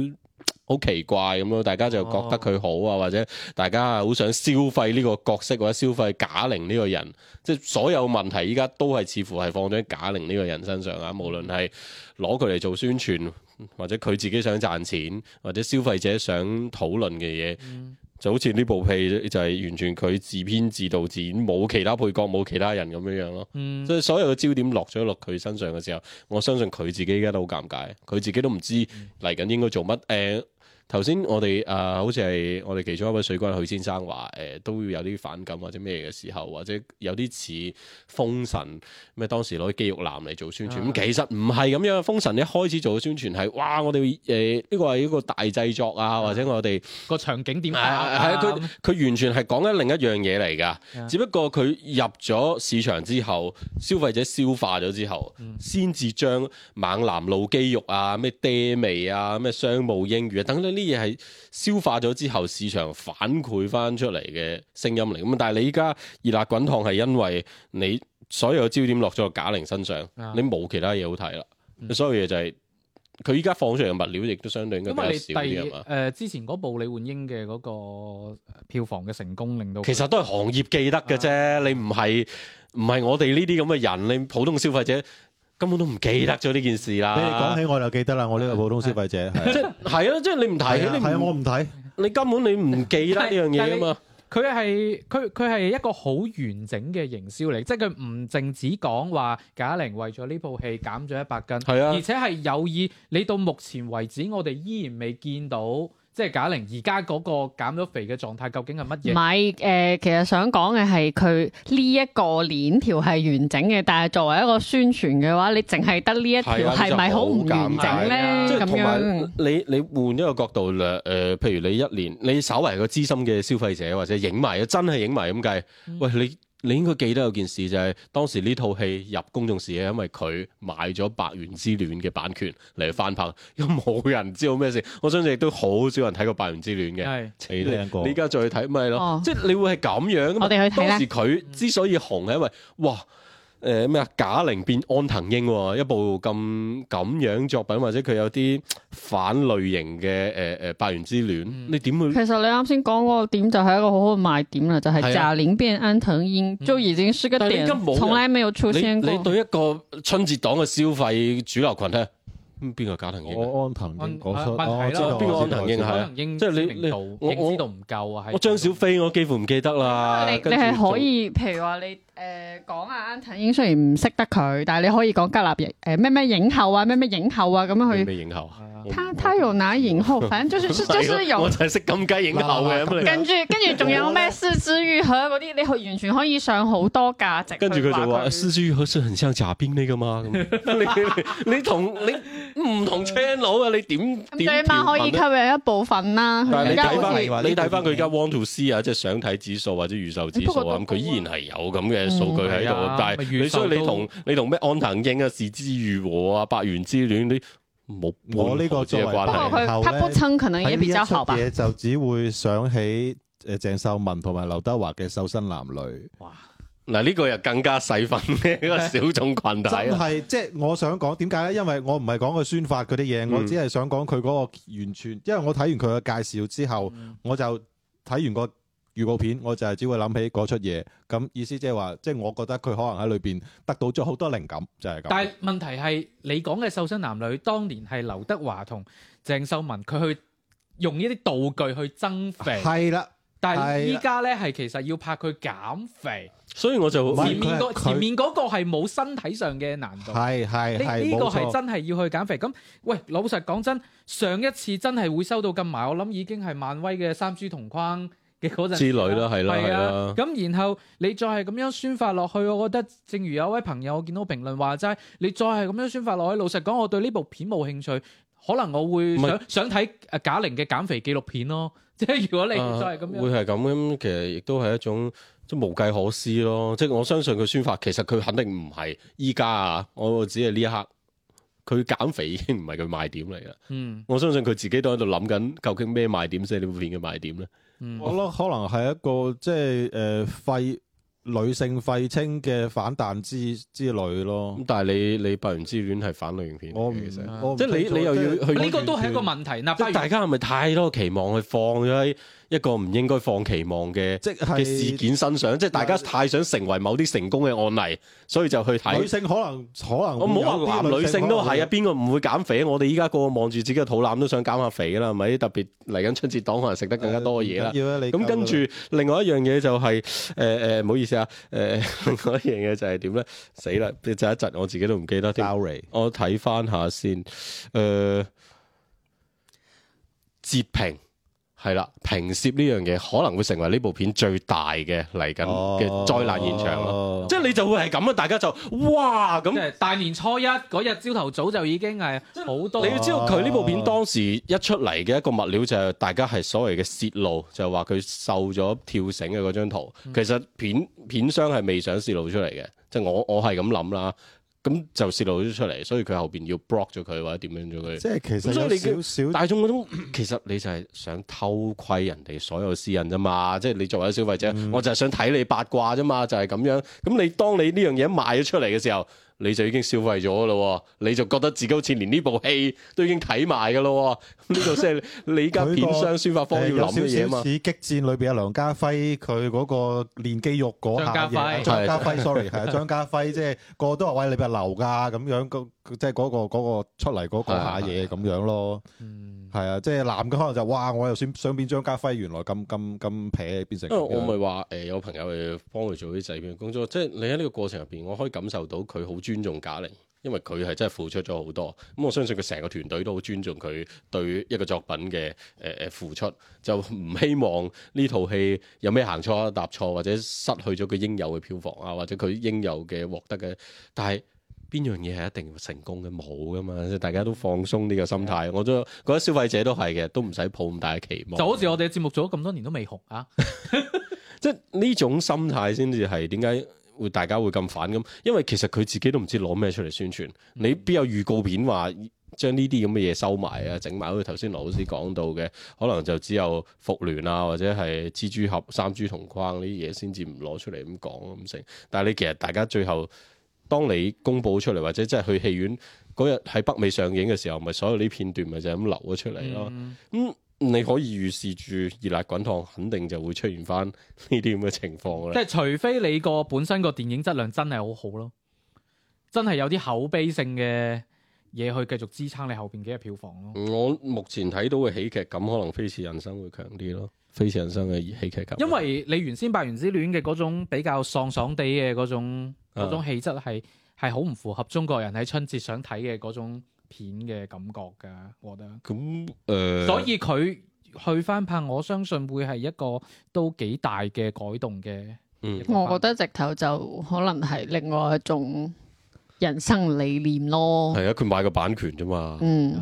好奇怪咁咯，大家就覺得佢好啊，哦、或者大家好想消費呢個角色或者消費賈玲呢個人，即係所有問題依家都係似乎係放咗喺賈玲呢個人身上啊。無論係攞佢嚟做宣傳，或者佢自己想賺錢，或者消費者想討論嘅嘢，嗯、就好似呢部戲就係完全佢自編自導自演，冇其他配角，冇其他人咁樣樣咯。即係、嗯、所，所有嘅焦點落咗落佢身上嘅時候，我相信佢自己依家都好尷尬，佢自己都唔知嚟緊應該做乜。誒、呃。頭先我哋誒、呃、好似係我哋其中一位水軍許先生話誒、呃、都要有啲反感或者咩嘅時候，或者有啲似封神咩當時攞肌肉男嚟做宣傳咁，啊、其實唔係咁樣。封神一開始做嘅宣傳係哇，我哋誒呢個係一個大製作啊，或者我哋個、啊、場景點係啊，佢佢、啊啊嗯、完全係講緊另一樣嘢嚟㗎，啊、只不過佢入咗市場之後，消費者消化咗之後，先至將猛男露肌肉啊、咩爹味啊、咩商務英語等等。啲嘢係消化咗之後，市場反饋翻出嚟嘅聲音嚟。咁但係你依家熱辣滾燙係因為你所有焦點落咗個賈玲身上，啊、你冇其他嘢好睇啦。嗯、所有嘢就係佢依家放出嚟嘅物料，亦都相對應該比較少啲啊嘛。誒吧、呃，之前嗰部李煥英嘅嗰個票房嘅成功，令到其實都係行業記得嘅啫。啊、你唔係唔係我哋呢啲咁嘅人，你普通消費者。根本都唔記得咗呢件事啦！你哋講起我就記得啦，我呢個普通消費者即係係啊，即係你唔睇，你係啊，我唔睇。你根本你唔記得呢樣嘢啊嘛？佢係佢佢係一個好完整嘅營銷嚟，即係佢唔淨止講話賈玲為咗呢部戲減咗一百斤，係啊，而且係有意。你到目前為止，我哋依然未見到。即係賈玲而家嗰個減咗肥嘅狀態究竟係乜嘢？唔係，誒，其實想講嘅係佢呢一個鏈條係完整嘅，但係作為一個宣傳嘅話，你淨係得呢一條係咪好唔完整咧？即係咁樣你你換一個角度咧，誒，譬如你一年，你稍為個資深嘅消費者或者影埋，真係影埋咁計，喂你。你應該記得有件事，就係、是、當時呢套戲入公眾視野，因為佢買咗《百元之戀》嘅版權嚟翻拍，咁冇人知道咩事。我相信亦都好少人睇過《百元之戀》嘅，係，死兩個。你而家再去睇，咪係咯？哦、即係你會係咁樣。我哋去睇啦。當時佢之所以紅，係因為，哇！誒，咩啊、呃？賈玲變安藤櫻，一部咁咁樣作品，或者佢有啲反類型嘅誒誒，百、呃、元、呃、之戀，嗯、你點會？其實你啱先講個點就係一個好好嘅賣點啦，就係賈玲變安藤櫻，就已經是一個點，從、嗯、來沒有出現過。你你對一個春節檔嘅消費主流群咧？咁邊個？賈騰英，我安騰英講出我邊個安騰英係？即係你你知道唔夠啊，係我張小菲，我幾乎唔記得啦。你係可以，譬如話你誒講啊，呃、安騰英雖然唔識得佢，但係你可以講嘉立盈咩咩影后啊，咩咩影后啊咁樣去。咩影后他他有拿影后，反正就是， 就，是就是有。我就係識金雞影后嘅。跟住跟住仲有咩四之玉和嗰啲，你可完全可以上好多價值 跟。跟住佢就話四之玉和是很像賈冰呢個嘛？ 你你你，你同你唔同 chain 佬啊？你點點？起碼可以吸引一部分啦。但係你睇翻你睇翻佢而家 one to C 啊，即係想睇指數或者預售指數啊，咁佢依然係有咁嘅數據喺度。嗯啊、但係你所以你同你同咩安藤英啊、四之玉和啊、百元之戀啲。冇，我個呢個作為不過佢，他不親可能也比較好吧。嘢，就只會想起誒鄭秀文同埋劉德華嘅瘦身男女。 哇！嗱，呢個又更加細分嘅一 個小眾群體。 真係，即係我想講點解咧？因為我唔係講佢宣發嗰啲嘢，嗯、我只係想講佢嗰個完全。因為我睇完佢嘅介紹之後，嗯、我就睇完個。預告片我就係只會諗起嗰出嘢，咁意思即係話，即係我覺得佢可能喺裏邊得到咗好多靈感，就係咁。但係問題係你講嘅瘦身男女，當年係劉德華同鄭秀文，佢去用呢啲道具去增肥係啦。但係依家咧係其實要拍佢減肥，所以我就前面個前面嗰個係冇身體上嘅難度，係係呢個係真係要去減肥。咁喂，老實講真，上一次真係會收到咁埋，我諗已經係漫威嘅三 G 同框之旅啦，係啦，係啦。咁然後你再係咁樣宣發落去，我覺得正如有位朋友我見到評論話齋，你再係咁樣宣發落去，老實講，我對呢部片冇興趣，可能我會想是想睇誒賈玲嘅減肥紀錄片咯。即係如果你唔再係咁樣，啊、會係咁樣，其實亦都係一種即係無計可施咯。即係我相信佢宣發，其實佢肯定唔係依家啊，我只係呢一刻，佢減肥已經唔係佢賣點嚟噶。嗯，我相信佢自己都喺度諗緊，究竟咩賣點先係呢部片嘅賣點咧？嗯、我諗可能係一個即係誒，廢、呃、女性廢青嘅反彈之之類咯。咁但係你你白羊之戀係反類型片嚟嘅，我不其實即係你你又要去。呢即個都係一個問題嗱，即係大家係咪太多期望去放咗喺？一個唔應該放期望嘅嘅事件身上，是 即係大家太想成為某啲成功嘅案例，所以就去睇女性可能可能我冇話男女性，女性都係啊，邊嗎個唔會減肥？我哋依家個個望住自己嘅肚腩都想減下肥㗎啦，係咪？特別嚟緊春節檔可能食得更加多嘢啦。咁、嗯啊、跟住另外一樣嘢就係誒誒，唔、呃呃、好意思啊，誒、呃，另外一點點樣嘢就係點咧？死啦！就一窒，我自己都唔記得。啲。ull 我睇翻下先。誒、呃，截屏。係啦，屏攝呢樣嘢，可能會成為呢部片最大嘅嚟緊嘅災難現場咯，啊、即係你就會係咁啊！大家就哇咁，大年初一嗰日朝頭早就已經係好多。即係你要知道佢呢部片當時一出嚟嘅一個物料就係大家係所謂嘅泄露，就係話佢瘦咗跳繩嘅嗰張圖。其實片片商係未想泄露出嚟嘅，即係我我係咁諗啦。咁就泄露咗出嚟，所以佢後邊要 block 咗佢或者點樣咗佢。即係其實點點你少少。大眾嗰種其實你就係想偷窺人哋所有私隱啫嘛，即係你作為消費者，嗯、我就係想睇你八卦啫嘛，就係、是、咁樣。咁你當你呢樣嘢賣咗出嚟嘅時候。你就已經消費咗嘅咯，你就覺得自己好似連呢部戲都已經睇埋嘅咯，呢度先係你家片商宣發科要諗嘅嘢嘛！似激戰裏邊阿梁家輝佢嗰個練肌肉嗰下嘢， 張家輝，sorry，係啊，張家輝即係個個都話喂，你咪流㗎咁樣個。即係嗰個嗰個出嚟嗰個下嘢咁樣咯，係、嗯、啊，即係男嘅可能就哇！我又想想變張家輝，原來咁咁咁撇變成。因為我咪話、呃、有朋友去幫佢做啲製片工作，即係你喺呢個過程入邊，我可以感受到佢好尊重賈玲，因為佢係真係付出咗好多。咁我相信佢成個團隊都好尊重佢對一個作品嘅誒誒付出，就唔希望呢套戲有咩行錯一踏錯，或者失去咗佢應有嘅票房啊，或者佢應有嘅獲得嘅，但係。邊樣嘢係一定成功嘅冇噶嘛？大家都放鬆呢個心態，我都覺得消費者都係嘅，都唔使抱咁大嘅期望。就好似我哋嘅節目做咗咁多年都未紅啊！即係呢種心態先至係點解會大家會咁反咁？因為其實佢自己都唔知攞咩出嚟宣傳。嗯、你邊有預告片話將呢啲咁嘅嘢收埋啊？整埋好似頭先羅老師講到嘅，可能就只有復聯啊，或者係蜘蛛俠、三蛛同框呢啲嘢先至唔攞出嚟咁講咁成。但係你其實大家最後。當你公布出嚟，或者即係去戲院嗰日喺北美上映嘅時候，咪所有啲片段咪就咁流咗出嚟咯。咁、嗯嗯、你可以預示住熱辣滾燙肯定就會出現翻呢啲咁嘅情況啦。即係除非你個本身個電影質量真係好好咯，真係有啲口碑性嘅嘢去繼續支撐你後邊幾日票房咯。我目前睇到嘅喜劇感可能《飛馳人生》會強啲咯，《飛馳人生》嘅喜劇感。因為你原先《百元之戀》嘅嗰種比較喪喪地嘅嗰種。嗰、啊、種氣質係好唔符合中國人喺春節想睇嘅嗰種片嘅感覺嘅，我覺得。咁誒、嗯，呃、所以佢去翻拍，我相信會係一個都幾大嘅改動嘅。嗯，我覺得直頭就可能係另外一種人生理念咯。係啊，佢買個版權啫嘛。嗯，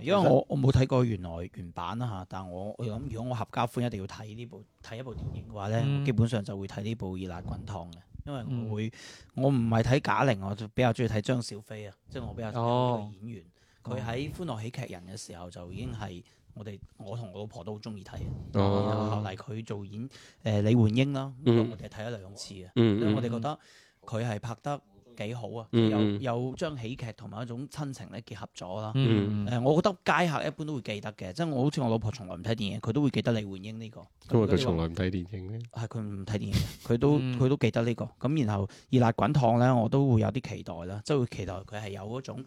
因為我我冇睇過原來原版啊嚇，但我我諗如果我合家歡一定要睇呢部睇一部電影嘅話咧，嗯、基本上就會睇呢部熱辣滾燙嘅。因為我會，嗯、我唔係睇賈玲，我就比較中意睇張小飛啊，即係我比較中意睇佢演員，佢喺、哦《歡樂喜劇人》嘅時候就已經係我哋，我同我老婆都好中意睇，哦、然後嚟佢做演誒、呃、李煥英啦、啊，咁、嗯、我哋睇咗兩次啊，嗯嗯、因為我哋覺得佢係拍得。幾好啊！嗯、有有將喜劇同埋一種親情咧結合咗啦、啊。誒、嗯呃，我覺得街客一般都會記得嘅，即係我好似我老婆從來唔睇電影，佢都會記得李煥英呢個。佢為佢從來唔睇電影咧。係佢唔睇電影，佢都佢 都記得呢個。咁然後熱辣滾燙咧，我都會有啲期待啦，即係會期待佢係有嗰種。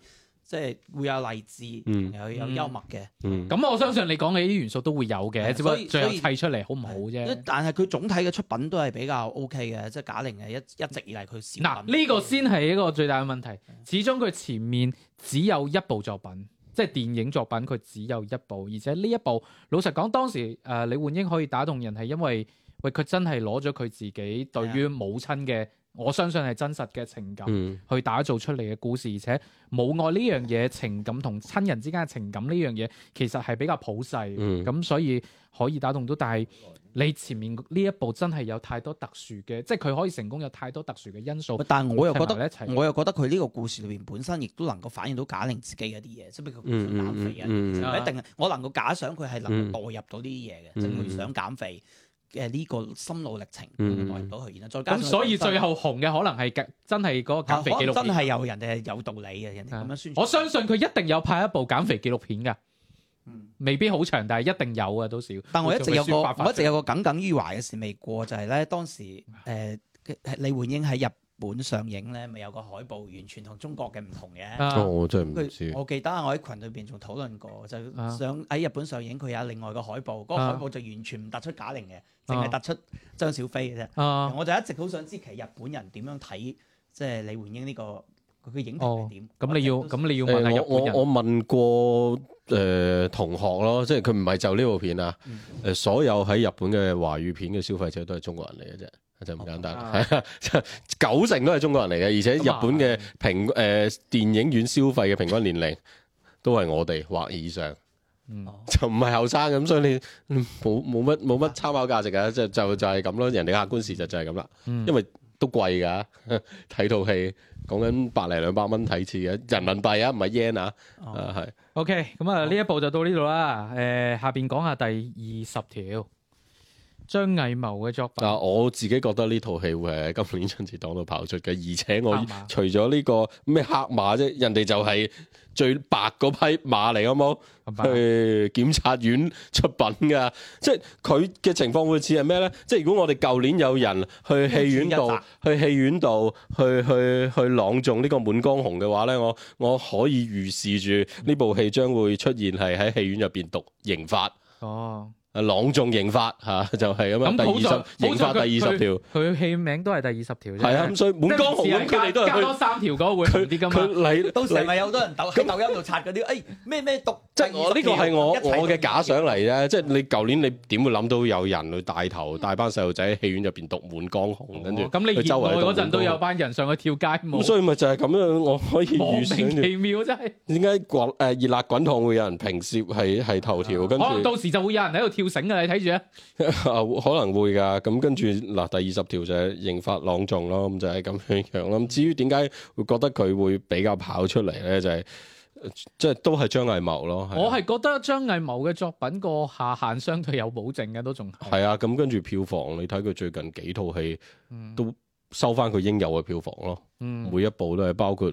即係會有勵志，又、嗯、有幽默嘅。咁、嗯嗯嗯、我相信你講嘅啲元素都會有嘅，的只不過最後砌出嚟好唔好啫。但係佢總體嘅出品都係比較 OK 嘅，即係賈玲係一一直以嚟佢。嗱、啊，呢、這個先係一個最大嘅問題。的始終佢前面只有一部作品，即係電影作品，佢只有一部。而且呢一部，老實講，當時誒李煥英可以打動人係因為，喂，佢真係攞咗佢自己對於母親嘅的。我相信係真實嘅情感去打造出嚟嘅故事，而且母愛呢樣嘢情感同親人之間嘅情感呢樣嘢，其實係比較普世，咁、嗯、所以可以打動到。但係你前面呢一部真係有太多特殊嘅，即係佢可以成功有太多特殊嘅因素。但係我又覺得，一我又覺得佢呢個故事裏邊本身亦都能夠反映到賈玲自己嗰啲嘢，即係譬如減肥、嗯嗯嗯、啊，唔一定啊。我能夠假想佢係能代入到呢啲嘢嘅，即佢想減肥。嗯嗯嗯嗯嘅呢個心路歷程耐到佢，然後、嗯嗯、再加上咁，所以最後紅嘅可能係真係嗰個減肥紀錄片、啊、真係有人誒有道理嘅，人哋咁樣宣傳、啊、我相信佢一定有拍一部減肥紀錄片噶，嗯、未必好長，但係一定有啊，都少。但我一直有個發發我一直有個耿耿於懷嘅事未過，就係、是、咧當時誒李煥英喺入本上映咧，咪有個海報完全同中國嘅唔同嘅。我真係唔我記得我喺群裏邊仲討論過，啊、就想喺日本上映佢有另外個海報，嗰、啊、個海報就完全唔突出賈玲嘅，淨係、啊、突出張小斐嘅啫。啊、我就一直好想知其實日本人點樣睇，即、就、係、是、李煥英呢、這個佢嘅影評係點。咁、哦、我你要咁你要問下日本人、欸、我我，我問過誒、呃、同學咯，即係佢唔係就呢部片啊。誒、嗯、所有喺日本嘅華語片嘅消費者都係中國人嚟嘅啫。就唔簡單，係啊，九成都係中國人嚟嘅，而且日本嘅平誒、嗯呃、電影院消費嘅平均年齡都係我哋或以上，嗯，就唔係後生咁，嗯、所以你冇冇乜冇乜參考價值啊，即係就就係咁咯，人哋客觀事實就係咁啦，因為都貴噶，睇套戲講緊百零兩百蚊睇次嘅人民幣啊，唔係 yen 啊，嗯、啊係，OK，咁啊呢一部就到呢度啦，誒、呃、下面講下第二十條。張藝謀嘅作品，但係、啊、我自己覺得呢套戲會係今年春節檔度跑出嘅，而且我除咗呢，這個咩黑馬啫，人哋就係最白嗰批馬嚟，好唔好？馬去檢察院出品嘅，即係佢嘅情況會似係咩咧？即係如果我哋舊年有人去戲院度，去戲院度，去去去朗誦呢個滿江紅嘅話咧，我我可以預示住呢部戲將會出現係喺戲院入邊讀刑法。哦。朗誦刑法嚇就係咁樣，第二十刑法第二十條，佢戲名都係第二十條啫。係啊，咁所以滿江紅佢哋都係加多三條嗰會啲咁啊。到時咪有好多人喺抖音度刷嗰啲誒咩咩讀，即係我呢個係我我嘅假想嚟啫。即係你舊年你點會諗到有人去帶頭帶班細路仔喺戲院入邊讀滿江紅，跟住咁你周圍嗰陣都有班人上去跳街舞。所以咪就係咁樣，我可以預算。莫名其妙真係點解滾誒熱辣滾燙會有人平時係係頭條跟住？到時就會有人喺度跳。要醒啊！你睇住啊，可能會噶咁，跟住嗱，第二十條就係刑法朗重咯，咁就係、是、咁樣樣啦。至於點解會覺得佢會比較跑出嚟咧，就係、是、即係都係張藝謀咯。啊、我係覺得張藝謀嘅作品個下限相對有保證嘅，都仲係啊。咁跟住票房，你睇佢最近幾套戲都收翻佢應有嘅票房咯。嗯、每一部都係包括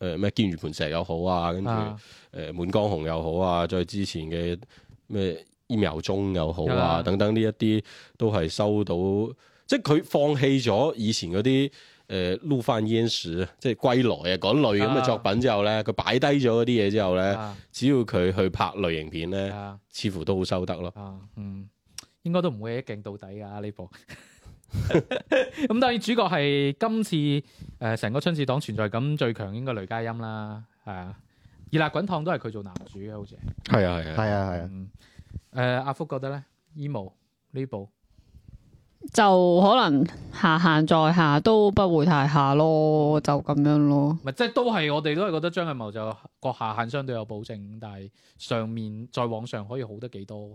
誒咩《堅如磐石》又好啊，跟住誒《滿江紅》又好啊，再之前嘅咩。一秒鐘又好啊，等等呢一啲都係收到，即係佢放棄咗以前嗰啲誒撈翻煙屎啊，即係歸來啊嗰類咁嘅作品之後咧，佢擺低咗嗰啲嘢之後咧，只要佢去拍類型片咧，似乎都好收得咯。嗯，應該都唔會一鏡到底㗎呢部。咁當然主角係今次誒成個春節檔存在感最強應該雷佳音啦，係啊，《熱辣滾燙》都係佢做男主嘅，好似係啊係啊係啊係啊。誒，阿、啊、福覺得咧，藝謀呢部就可能下限再下都不會太下咯，就咁樣咯。咪，即係都係我哋都係覺得張藝謀就個下限相對有保證，但係上面再往上可以好得幾多？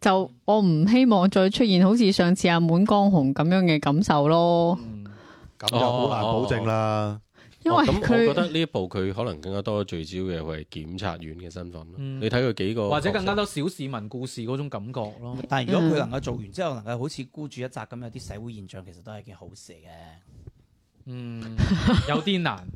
就我唔希望再出現好似上次阿滿江紅咁樣嘅感受咯。咁、嗯、就好難保證啦。哦哦哦哦哦哦咁、哦、我覺得呢一部佢可能更加多聚焦嘅係檢察院嘅身份咯。嗯、你睇佢幾個或者更加多小市民故事嗰種感覺咯。但係如果佢能夠做完之後，能夠好似孤注一擲咁，有啲社會現象其實都係一件好事嘅。嗯，有啲難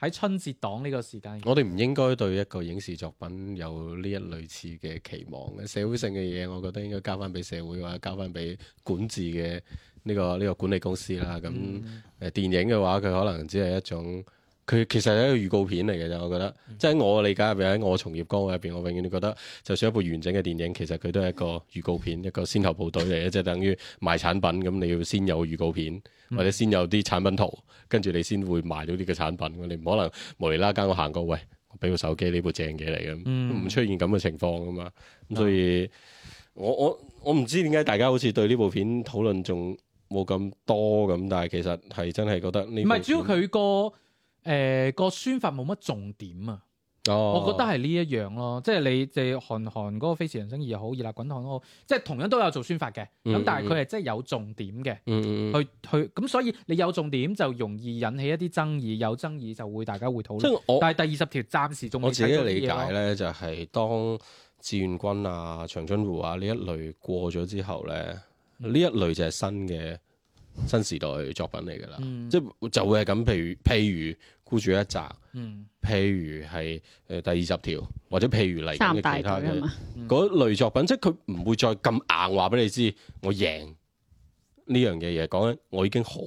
喺 春節檔呢個時間。我哋唔應該對一個影視作品有呢一類似嘅期望嘅社會性嘅嘢，我覺得應該交翻俾社會或者交翻俾管治嘅。呢、這個呢、這個管理公司啦，咁、嗯、誒、嗯、電影嘅話，佢可能只係一種，佢其實係一個預告片嚟嘅啫。我覺得，嗯、即係我理解入邊，喺我從業崗位入邊，我永遠都覺得，就算一部完整嘅電影，其實佢都係一個預告片， 一個先頭部隊嚟嘅，即係等於賣產品。咁你要先有預告片，或者先有啲產品圖，跟住你先會賣到呢個產品。你唔可能無釐啦間我行過，喂，我俾部手機呢部正嘢嚟嘅，唔、嗯、出現咁嘅情況啊嘛。咁所以，我我我唔知點解大家好似對呢部片討論仲。冇咁多咁，但係其實係真係覺得呢。唔係，主要佢個誒個宣發冇乜重點啊。哦，我覺得係呢一樣咯，即係你即係韓寒嗰個《飛馳人生二》又好，《熱辣滾燙》都好，即係同樣都有做宣發嘅。咁、嗯嗯、但係佢係真係有重點嘅、嗯。去去，咁所以你有重點就容易引起一啲爭議，有爭議就會大家會討論。但係第二十條暫時仲未睇到啲嘢。我自己嘅理解咧，就係、是、當志願軍啊、長津湖啊呢一類過咗之後咧。呢一類就係新嘅新時代作品嚟㗎啦，嗯、即係就會係咁，譬如譬如孤注一擲，譬如係誒、嗯、第二十條，或者譬如嚟嗰啲其他嘅嗰、嗯、類作品，即係佢唔會再咁硬話俾你知，我贏呢樣嘅嘢，講緊我已經好，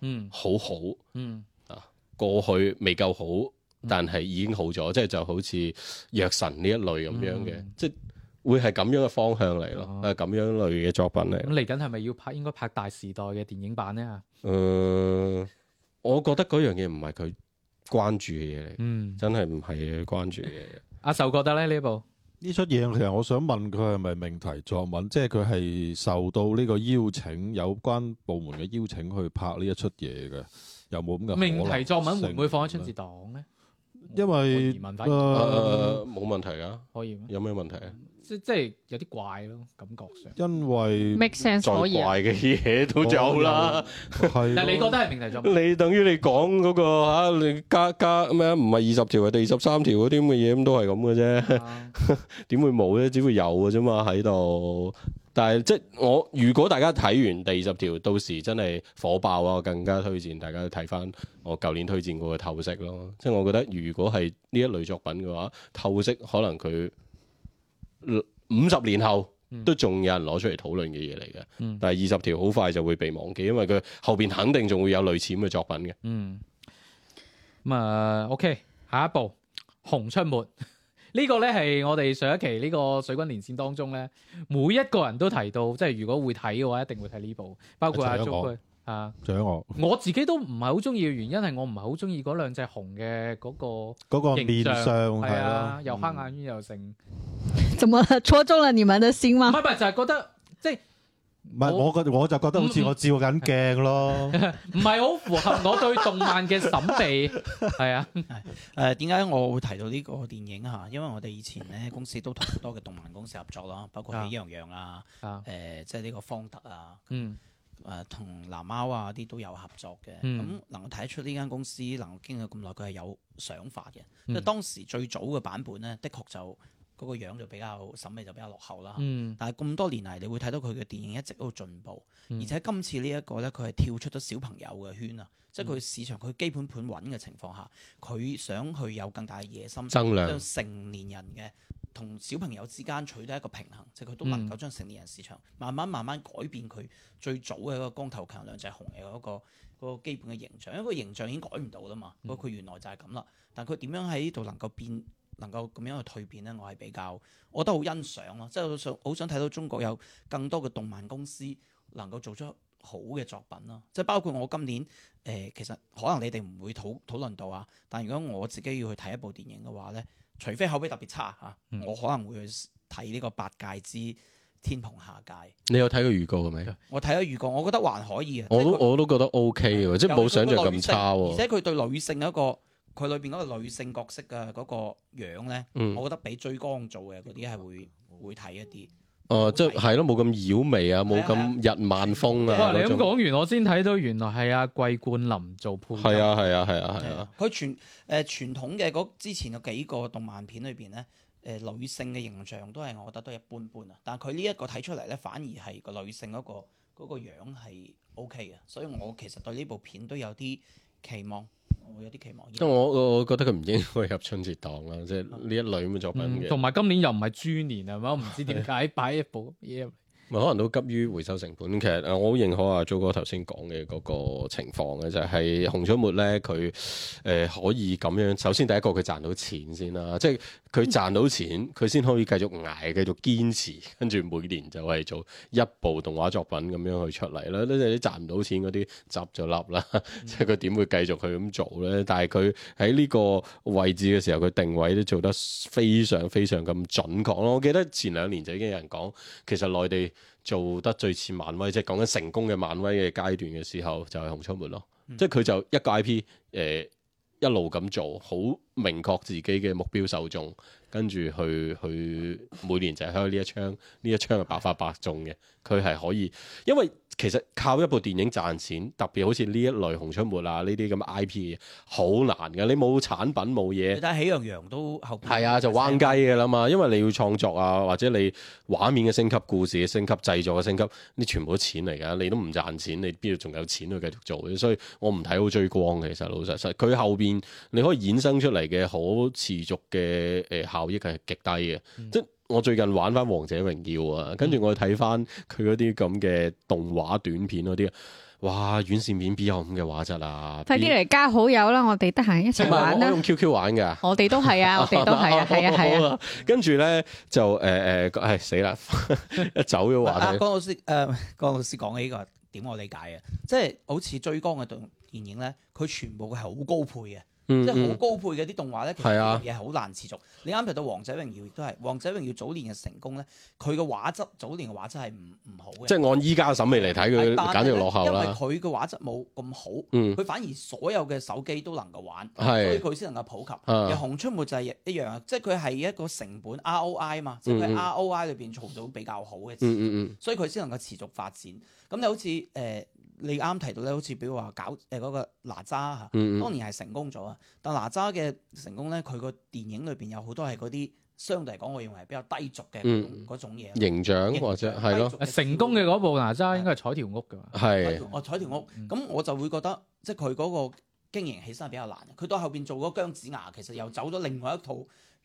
嗯，好好，嗯啊，過去未夠好，但係已經好咗、嗯，即係就好似藥神呢一類咁樣嘅，即係、嗯。會係咁樣嘅方向嚟咯，誒、哦，咁、啊、樣類嘅作品嚟，咁嚟緊係咪要拍？應該拍大時代嘅電影版咧。誒、嗯，我覺得嗰樣嘢唔係佢關注嘅嘢嚟，嗯，真係唔係佢關注嘅。嘢、啊。阿壽覺得咧呢一部呢出嘢，其實我想問佢係咪命題作文？即係佢係受到呢個邀請，有關部門嘅邀請去拍呢一出嘢嘅，有冇咁嘅命題作文會唔會放喺春節檔咧？因為冇、呃呃、問題啊，可以。有咩問題啊？即即係有啲怪咯，感覺上因為 Make sense，以、啊，怪嘅嘢都有啦。但係你覺得係平題作？ 你等於你講嗰、那個你、啊、加加咩唔係二十條係第二十三條嗰啲咁嘅嘢，咁都係咁嘅啫。點 會冇咧？只會有嘅啫嘛，喺度。但係即係我如果大家睇完第二十條，到時真係火爆啊！我更加推薦大家睇翻我舊年推薦過嘅透析咯。即係我覺得如果係呢一類作品嘅話，透析可能佢。五十年後都仲有人攞出嚟討論嘅嘢嚟嘅，嗯、但係二十條好快就會被忘記，因為佢後邊肯定仲會有類似咁嘅作品嘅、嗯。嗯，咁啊，OK，下一部，《熊出沒》呢個咧，係我哋上一期呢個水軍連線當中咧每一個人都提到，即係如果會睇嘅話，一定會睇呢部，包括阿啊！獎我我自己都唔係好中意嘅原因係我唔係好中意嗰兩隻熊嘅嗰個嗰個面相，形象係啊，又黑眼圈又剩，怎麼戳中了你們的心嗎？唔係唔係，就係覺得即係唔係我個我就覺得好似我照緊鏡咯，唔係好符合我對動漫嘅審美係啊，誒點解我會提到呢個電影嚇？因為我哋以前咧公司都同好多嘅動漫公司合作啦，包括喜羊羊啊，誒，即係呢個方特啊嗯。誒同藍貓啊啲都有合作嘅，咁、嗯、能夠睇得出呢間公司能夠經歷咁耐，佢係有想法嘅。嗯、因為當時最早嘅版本咧，的確就嗰個樣就比較審美就比較落後啦。嗯、但係咁多年嚟，你會睇到佢嘅電影一直都進步，嗯、而且今次呢一個咧，佢係跳出咗小朋友嘅圈啊，即係佢市場佢基本盤穩嘅情況下，佢想去有更大嘅野心，針對增量成年人嘅。同小朋友之間取得一個平衡，即係佢都能夠將成年人市場慢慢慢慢改變佢最早嘅一個光頭強兩仔熊嘅嗰個一個基本嘅形象，因為形象已經改唔到啦嘛。不過佢原來就係咁啦，但佢點樣喺呢度能夠變能夠咁樣去蛻變咧？我係比較，我覺得好欣賞咯。即係我想好想睇到中國有更多嘅動漫公司能夠做出好嘅作品咯。即係包括我今年誒、呃，其實可能你哋唔會討討論到啊。但如果我自己要去睇一部電影嘅話咧，除非口碑特別差嚇，嗯、我可能會去睇呢個八戒之天蓬下界。你有睇過預告嘅未？我睇咗預告，我覺得還可以。我都他我都覺得 O K 喎，即係冇想象咁差喎。而且佢對女性一個佢裏邊嗰個女性角色嘅嗰個樣咧，嗯、我覺得比追光做嘅嗰啲係會、嗯、會睇一啲。哦，嗯、即係係咯，冇咁妖媚啊，冇咁日漫風啊。你咁講完，我先睇到原來係阿桂冠林做判官。係啊，係啊，係啊，係啊。佢傳誒傳統嘅嗰之前嘅幾個動漫片裏邊咧，誒、呃、女性嘅形象都係我覺得都一般般啊。但係佢呢一個睇出嚟咧，反而係個女性嗰、嗰個嗰、嗰個樣係 O K 嘅，所以我其實對呢部片都有啲期望。我有啲，期望但我，但係我我覺得佢唔應該入春節檔啦，即係呢一類咁嘅作品嘅。同埋、嗯、今年又唔係豬年啊，係嘛？我唔知點解擺一部嘢、 yeah. 可能都急於回收成本。其實我好認可阿、啊、joe 哥頭先講嘅嗰個情況嘅，就係、是、熊出沒咧，佢誒、呃、可以咁樣。首先第一個佢賺到錢先啦，即係佢賺到錢，佢先可以繼續捱、繼續堅持，跟住每年就係做一部動畫作品咁樣去出嚟啦。你賺唔到錢嗰啲，執咗笠啦。即係佢點會繼續去咁做咧？但係佢喺呢個位置嘅時候，佢定位都做得非常非常咁準確咯。我記得前兩年就已經有人講，其實內地，做得最似漫威，即係講緊成功嘅漫威嘅階段嘅時候，就係、是、熊出沒咯。嗯、即係佢就一個 IP，誒、呃，一路咁做，好明確自己嘅目標受眾，跟住去去每年就係開呢一槍，呢一槍係百發百中嘅，佢係的可以，因為。其實靠一部電影賺錢，特別好似呢一類《熊出沒》啊呢啲咁 IP，好難嘅。你冇產品冇嘢，但係《喜羊羊》都後邊係啊，就彎雞嘅啦嘛。因為你要創作啊，或者你畫面嘅升，升，升級、故事嘅升級、製作嘅升級，你全部都錢嚟嘅。你都唔賺錢，你邊度仲有錢去繼續做？所以，我唔睇好追光嘅。其實老實實，佢後邊你可以衍生出嚟嘅好持續嘅誒效益係極低嘅，即、嗯我最近玩翻《王者榮耀》啊，跟住我去睇翻佢嗰啲咁嘅動畫短片嗰啲，哇，院線片邊有咁嘅畫質啊！快啲嚟加好友啦，我哋得閒一齊玩啦！我用 QQ 玩㗎，我哋都係啊，我哋都係啊，係啊係啊！跟住咧就誒誒，係死啦，呃哎、 一走咗話題。阿江、 啊、老師誒，江、呃、老師講起呢個點我理解啊，即係好似追光嘅動電影咧，佢全部嘅係好高配嘅。即係好高配嘅啲動畫咧，其實嘢係好難持續。你啱提到《王者榮耀》亦都係，《王者榮耀》早年嘅成功咧，佢嘅畫質早年嘅畫質係唔唔好嘅。即係按依家嘅審美嚟睇，佢簡直落後，因為佢嘅畫質冇咁好，佢反而所有嘅手機都能夠玩，所以佢先能夠普及。而《熊出沒》就係一樣啊，即係佢係一個成本 ROI 嘛，即係佢 ROI 裏邊做到比較好嘅，所以佢先能夠持續發展。咁你好似誒。你啱提到咧，好似比如話搞誒嗰、呃那個哪吒嚇，當然係成功咗啊！但哪吒嘅成功咧，佢個電影裏邊有好多係嗰啲相對嚟講，我認為係比較低俗嘅嗰、嗯、種嘢。形象或者係咯，的成功嘅嗰部哪吒應該係彩條屋㗎嘛？係。哦，彩條屋，咁、嗯、我就會覺得即係佢嗰個經營起身係比較難。佢到後邊做個姜子牙，其實又走咗另外一套。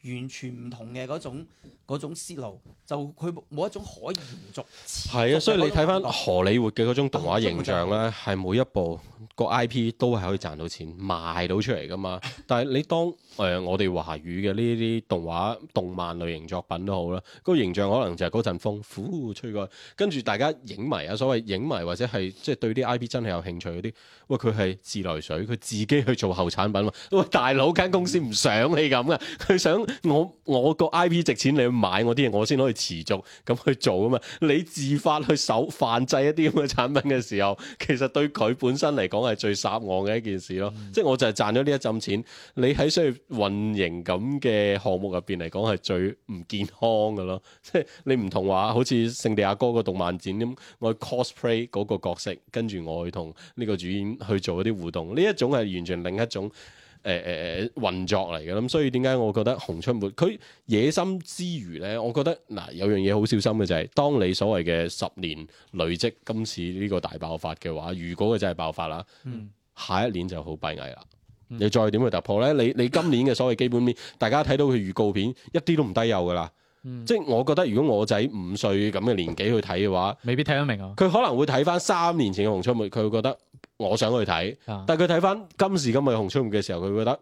完全唔同嘅嗰種嗰種思路，就佢冇一種可延續。係啊，所以你睇返荷里活嘅嗰種動畫形象咧，係每一部。個 I P 都係可以賺到錢賣到出嚟噶嘛，但係你當誒、呃、我哋華語嘅呢啲動畫、動漫類型作品都好啦，個形象可能就係嗰陣風，呼吹過，跟住大家影迷啊，所謂影迷，或者係即係對啲 I P 真係有興趣嗰啲，喂，佢係自來水，佢自己去做後產品嘛，喂，大佬間公司唔想你咁噶，佢想我我個 I P 值錢，你去買我啲嘢，我先可以持續咁去做啊嘛，你自發去手泛製一啲咁嘅產品嘅時候，其實對佢本身嚟講。係最撒網嘅一件事，嗯、一咯，即係我就係賺咗呢一浸錢。你喺需要運營咁嘅項目入邊嚟講，係最唔健康噶咯。即係你唔同話，好似聖地亞哥個動漫展咁，我去 cosplay 嗰個角色，跟住我去同呢個主演去做一啲互動，呢一種係完全另一種。誒誒誒運作嚟嘅咁，所以點解我覺得熊出沒佢野心之餘咧，我覺得嗱有樣嘢好小心嘅就係、是，當你所謂嘅十年累積今次呢個大爆發嘅話，如果佢真係爆發啦，嗯、下一年就好閉翳啦、嗯。你再點去突破咧？你你今年嘅所謂基本面，大家睇到佢預告片一啲都唔低幼噶啦。即係我覺得如果我仔五歲咁嘅年紀去睇嘅話，未必睇得明啊。佢可能會睇翻三年前嘅熊出沒，佢會覺得我想去睇。啊、但係佢睇翻今時今日熊出沒嘅時候，佢會覺得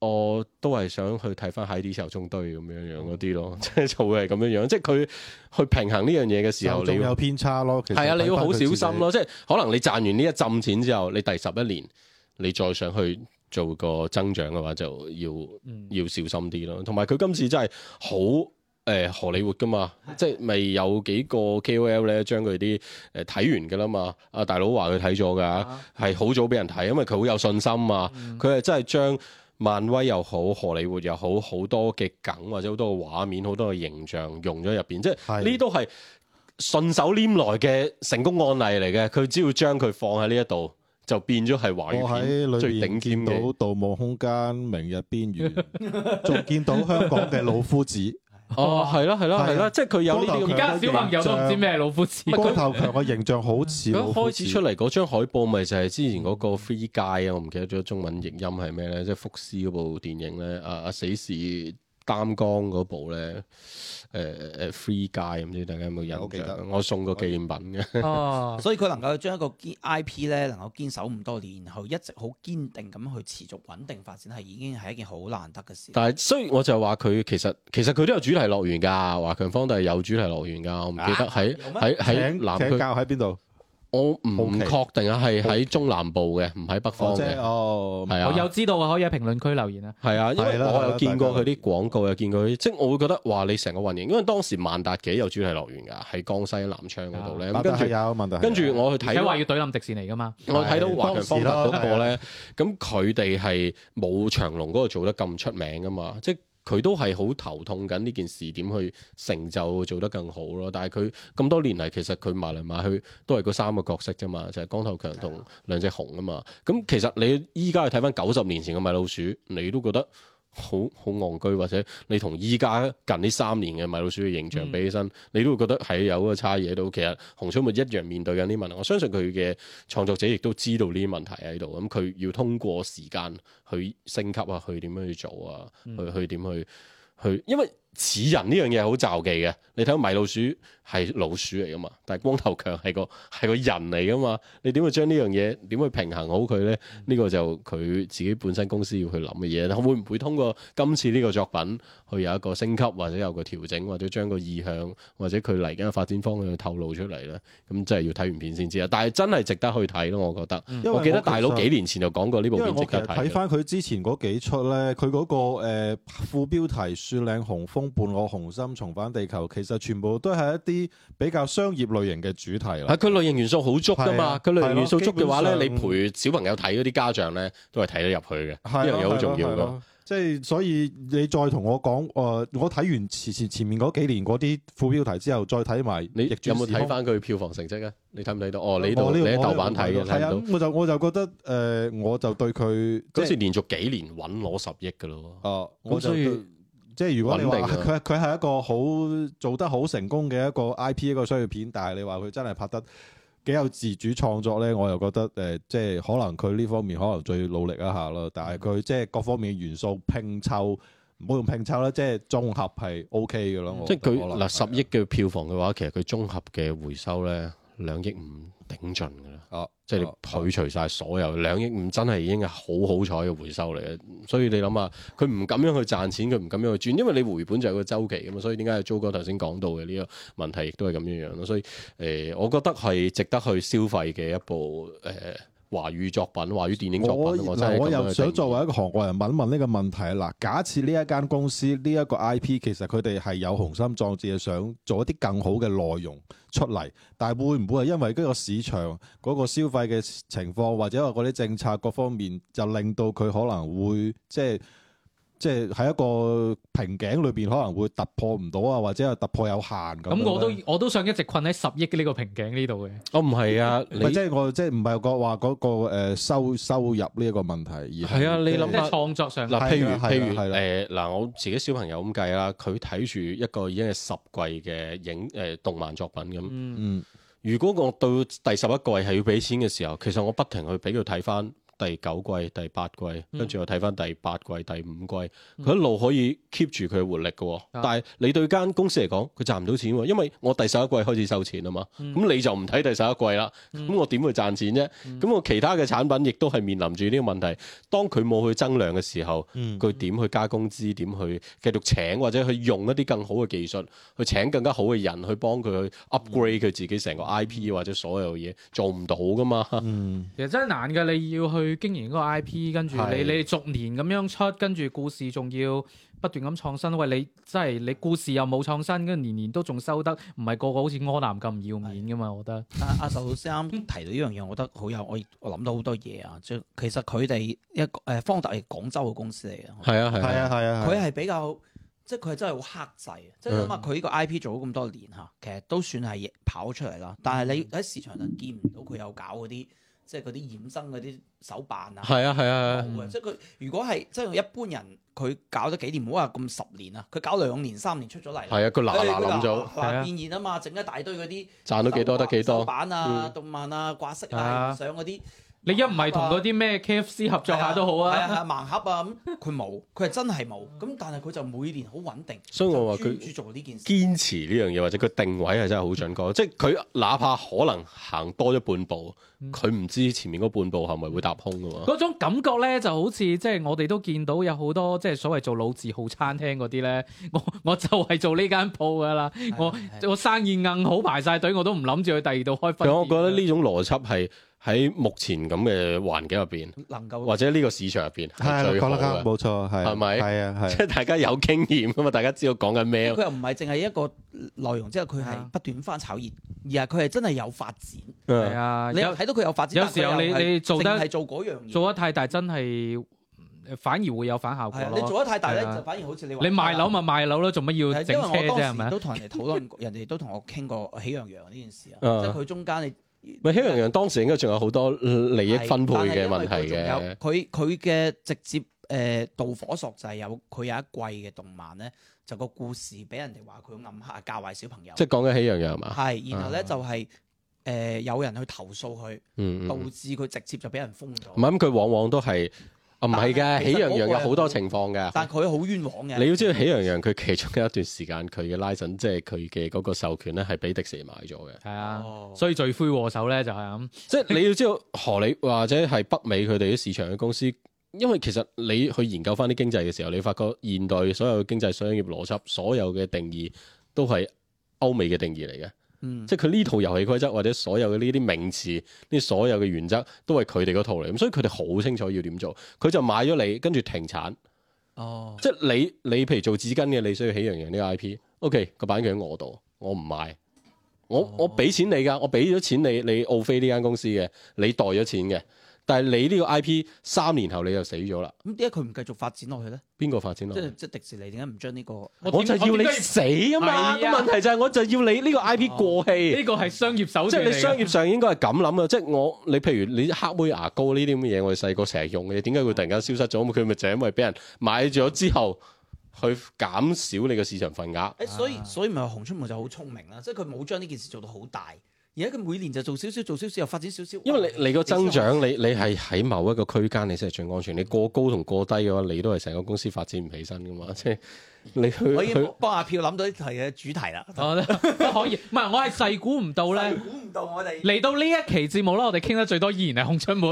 我都係想去睇翻海底小縱隊咁樣樣嗰啲咯，即係、嗯、 就會係咁樣樣。即係佢去平衡呢樣嘢嘅時候，你會有偏差咯。其實係啊，你要好小心咯。即係可能你賺完呢一浸錢之後，你第十一年你再上去。做個增長嘅話，就要、嗯、要小心啲咯。同埋佢今次真係好誒荷里活㗎嘛，的即係未有幾個 KOL 咧將佢啲誒睇完嘅啦嘛？阿大佬話佢睇咗㗎，係好、啊、早俾人睇，因為佢好有信心啊。佢係、嗯、真係將漫威又好，荷里活又好，好多嘅梗或者好多嘅畫面、好多嘅形象用咗入邊，即係呢的都係順手拈來嘅成功案例嚟嘅。佢只要將佢放喺呢一度。就變咗係華語片最頂尖，見到《盜夢空間》《明日邊緣》，仲 見到香港嘅老夫子。哦，係啦，係啦，係啦，即係佢有呢啲。而家小朋友都唔知咩老夫子。光頭強嘅形象好似開始出嚟嗰張海報，咪就係之前嗰個《Free Guy》啊！我唔記得咗中文譯音係咩咧？即係《福斯》嗰部電影咧。啊啊死侍！擔江嗰部咧，誒、呃、誒 free 街，唔知大家有冇印象？記得，我，記得我送個紀念品嘅。哦， 所以佢能夠將一個 IP 咧能夠堅守咁多年，然後一直好堅定咁去持續穩定發展，係已經係一件好難得嘅事。但係雖然我就話佢其實其實佢都有主題樂園㗎，華強方都係有主題樂園㗎，我唔記得喺喺喺南區。請教喺邊度？我唔確定啊，係喺中南部嘅，唔喺北方嘅。哦，係啊，我有知道啊，可以喺評論區留言啊。係啊，因為我有見過佢啲廣告，又見佢，即係我會覺得話你成個運營，因為當時萬達幾有主題樂園㗎，喺江西南昌嗰度咧。萬達有萬達。跟住我去睇，而且話要隊冧迪士尼㗎嘛。我睇到華強方特嗰個咧，咁佢哋係冇長隆嗰個做得咁出名㗎嘛，即佢都係好頭痛緊呢件事點去成就做得更好咯，但係佢咁多年嚟，其實佢埋嚟埋去都係嗰三個角色啫嘛，就係、是、光頭強同兩隻熊啊嘛。咁的其實你依家去睇返九十年前嘅米老鼠，你都覺得。好好戇居，或者你同依家近呢三年嘅米老鼠嘅形象比起身，嗯、你都會覺得係有個差異喺度。其實熊出沒一樣面對緊呢啲問題，我相信佢嘅創作者亦都知道呢啲問題喺度。咁、嗯、佢要通過時間去升級啊，去點樣去做啊，去去點去去，因為。似人呢樣嘢好棹忌嘅，你睇下米老鼠係老鼠嚟噶嘛，但係光頭強係個係個人嚟噶嘛，你點會將呢樣嘢點去平衡好佢咧？呢、呢個就佢自己本身公司要去諗嘅嘢，會唔會通過今次呢個作品去有一個升級或者有個調整，或者將個意向或者佢嚟緊嘅發展方向去透露出嚟咧？咁真係要睇完片先知啊！但係真係值得去睇咯，我覺得。因為我，我記得大佬幾年前就講過呢部片值得睇。睇翻佢之前嗰幾出咧，佢嗰、嗰個誒、呃、副標題雪嶺熊風伴我雄心重返地球，其實全部都係一啲比較商業類型嘅主題啦。係佢類型元素好足噶嘛，佢類型元素足嘅話咧，你陪小朋友睇嗰啲家長咧，都係睇得入去嘅，呢樣嘢好重要咯。即係所以你再同我講，誒，我睇完前前前面嗰幾年嗰啲副標題之後，再睇埋你有冇睇翻佢票房成績啊？你睇唔睇到？哦，你喺豆瓣睇嘅，睇到。我就我就覺得，誒，我就對佢，嗰時連續幾年穩攞十億噶咯。哦，咁所以。即係如果你話佢佢係一個好做得好成功嘅一個 I P 一個商業片，但係你話佢真係拍得幾有自主創作咧，我又覺得誒、呃，即係可能佢呢方面可能再努力一下咯。但係佢即係各方面元素拼湊，唔好用拼湊啦，即係綜合係 O K 嘅咯。即係佢嗱十億嘅票房嘅話，的其實佢綜合嘅回收咧。兩億五頂盡噶啦，啊、即係佢除晒所有兩億、啊啊、五，真係已經係好好彩嘅回收嚟嘅。所以你諗下，佢唔咁樣去賺錢，佢唔咁樣去轉，因為你回本就有個周期噶嘛。所以點解 Joe 哥頭先講到嘅呢個問題亦都係咁樣樣咯。所以誒、呃，我覺得係值得去消費嘅一部誒。呃華語作品、華語電影作品，我，我，我又想作為一個韓國人問一問呢個問題啊！嗱，假設呢一間公司、呢、這、一個 IP，其實佢哋係有雄心壯志嘅，想做一啲更好嘅內容出嚟，但係會唔會係因為嗰個市場嗰個消費嘅情況，或者話嗰啲政策各方面，就令到佢可能會即係即係喺一個瓶頸裏邊，可能會突破唔到啊，或者係突破有限咁。咁我都我都想一直困喺十億呢個瓶頸呢度嘅。我唔係啊，你即係我即係唔係話嗰個、呃、收收入呢一個問題而係啊，你諗下創作上譬如、啊、譬如誒嗱，我自己小朋友咁計啦，佢睇住一個已經係十季嘅影誒、呃、動漫作品咁。嗯，嗯，如果我到第十一個季係要俾錢嘅時候，其實我不停去俾佢睇返。第九季、第八季，跟住我睇翻第八季、第五季，佢、嗯、一路可以 keep 住佢嘅活力嘅。嗯、但係你對間公司嚟講，佢賺唔到錢，因為我第十一季開始收錢啊嘛。咁、嗯、你就唔睇第十一季啦。咁、嗯、我點去賺錢啫？咁、嗯、我其他嘅產品亦都係面臨住呢個問題。當佢冇去增量嘅時候，佢點去加工資？點、嗯、去繼續請或者去用一啲更好嘅技術去請更加好嘅人去幫佢去 upgrade 佢自己成個 IP 或者所有嘢做唔到噶嘛？其實真係難㗎，你要去。佢經營嗰個 IP，跟住你你逐年咁樣出，跟住故事仲要不斷咁創新。喂，你真係你故事又冇創新，跟住年年都仲收得，唔係個個好似柯南咁唔要面噶嘛？我覺得阿阿壽老師啱提到呢樣嘢，我覺得好有我我諗到好多嘢啊！即其實佢哋一個方特係廣州嘅公司嚟嘅，係啊係啊係啊，佢係比較即係佢係真係好克制，即係咁啊！佢呢個 IP 做咗咁多年嚇，其實都算係跑出嚟啦。但係你喺市場上見唔到佢有搞嗰啲。即係嗰啲衍生嗰啲手辦啊，係啊係啊，啊啊嗯、即係佢如果係即係一般人，佢搞咗幾年，唔好話咁十年啊，佢搞兩年三年出咗嚟，係啊，佢嗱嗱諗咗，變現啊嘛，整一大堆嗰啲賺到幾多得幾多，手辦啊、動漫啊、掛飾、嗯、啊，上嗰啲。你一唔係同嗰啲咩 KFC 合作下都好啊，盲盒啊咁，佢冇，嗯，佢係真係冇。咁但係佢就每年好穩定，所以我話佢專注呢件事，堅持呢樣嘢或者佢定位係真係好準確， 即係佢哪怕可能行多咗半步，佢唔知前面嗰半步係咪會踏空嘅喎。嗰、嗯、種感覺咧就好似即係我哋都見到有好多即係所謂做老字號餐廳嗰啲咧，我我就係做呢間鋪噶啦，的我的我生意硬好排晒隊，我都唔諗住去第二度開分店。其實我覺得呢種邏輯係喺目前咁嘅環境入邊，能夠或者呢個市場入邊係最好嘅，冇錯，係咪？係啊，即係大家有經驗啊嘛，大家知道講緊咩啊？佢又唔係淨係一個內容，之後佢係不斷翻炒熱，而係佢係真係有發展。係啊，你睇到佢有發展。有時候你你做得淨係做嗰樣，做得太大真係反而會有反效果。係你做得太大咧，就反而好似你話。你賣樓咪賣樓咯，做乜要整車啫？因為當時都同人哋討論，人哋都同我傾過喜羊羊呢件事啊，即係佢中間你。咪《喜羊羊》當時應該仲有好多利益分配嘅問題嘅，佢佢嘅直接誒、呃、導火索就係有佢有一季嘅動漫咧，就個故事俾人哋話佢暗黑教壞小朋友，即係講緊《喜羊羊》係嘛？係，然後咧、啊、就係、是、誒、呃、有人去投訴佢，導致佢直接就俾人封咗。唔係咁，佢、嗯嗯、往往都係。唔係嘅，喜羊羊有好多情況嘅，但係佢好冤枉嘅。你要知道，喜羊羊佢其中嘅一段時間佢嘅 license 即係佢嘅嗰個授權咧，係俾迪士尼買咗嘅。係啊，哦、所以罪魁禍首咧就係咁。即係你要知道，荷里或者係北美佢哋啲市場嘅公司， 因為其實你去研究翻啲經濟嘅時候，你發覺現代所有經濟商業邏輯，所有嘅定義都係歐美嘅定義嚟嘅。即係佢呢套遊戲規則，或者所有嘅呢啲名詞，呢所有嘅原則，都係佢哋嗰套嚟，咁所以佢哋好清楚要點做。佢就買咗你，跟住停產。哦，即係你你譬如做紙巾嘅，你需要喜羊羊呢個 IP，OK 個版權喺我度，我唔買，我、哦、我俾錢你㗎，我俾咗錢你你奧飛呢間公司嘅，你代咗錢嘅。但係你呢個 I P 三年後你就死咗啦，咁點解佢唔繼續發展落去咧？邊個發展落去？即即迪士尼點解唔將呢個？我就要你死啊嘛！個問題就係我就要你呢個 I P 過氣。呢個係商業守則。即係你商業上應該係咁諗啊！ 即係我你譬如你黑妹牙膏呢啲咁嘅嘢，我哋細個成日用嘅嘢，點解會突然間消失咗？咁佢咪就係因為俾人買咗之後去減少你個市場份額，啊所，所以所以咪熊出沒就好聰明啦！即係佢冇將呢件事做到好大。而家佢每年就做少少，做少少又發展少少。因為你你個增長，你你係喺某一個區間，你先係最安全。嗯、你過高同過低嘅話，你都係成個公司發展唔起身噶嘛，即係。你去可以幫阿票諗到呢題嘅主題啦， 可以。唔係我係細估唔到咧，估唔 到我哋嚟到呢一期節目啦。我哋傾得最多依然係熊出沒，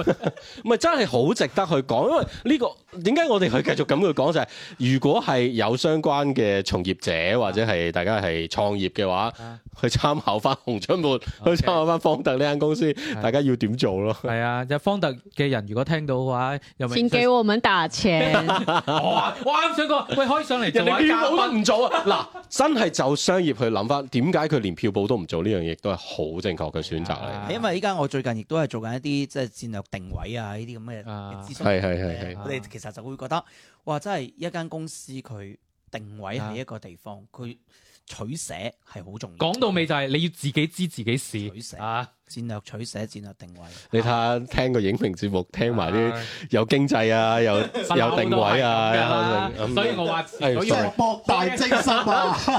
唔 係真係好值得去講，因為呢、這個點解我哋去繼續咁去講就係、是，如果係有相關嘅從業者或者係大家係創業嘅話，去參考翻熊出沒，Okay. 去參考翻方特呢間公司，Okay. 大家要點做咯？係啊，就方特嘅人如果聽到嘅話，又咪先給我們打錢。 我啱想講，喂，可以上嚟做。票補唔做啊！嗱， 真係就商業去諗翻，點解佢連票補都唔做呢樣嘢，亦都係好正確嘅選擇嚟。因為依家我最近亦都係做緊一啲即係戰略定位啊，呢啲咁嘅諮詢。係係係我哋其實就會覺得，啊、哇！真係一間公司佢定位喺一個地方，佢、啊。取捨係好重要，講到尾就係你要自己知自己事，取捨啊，戰略取捨，戰略定位。你睇下、啊、聽個影評節目，聽埋啲有經濟啊，又、啊、有，有定位啊， 所以我話係真博大精深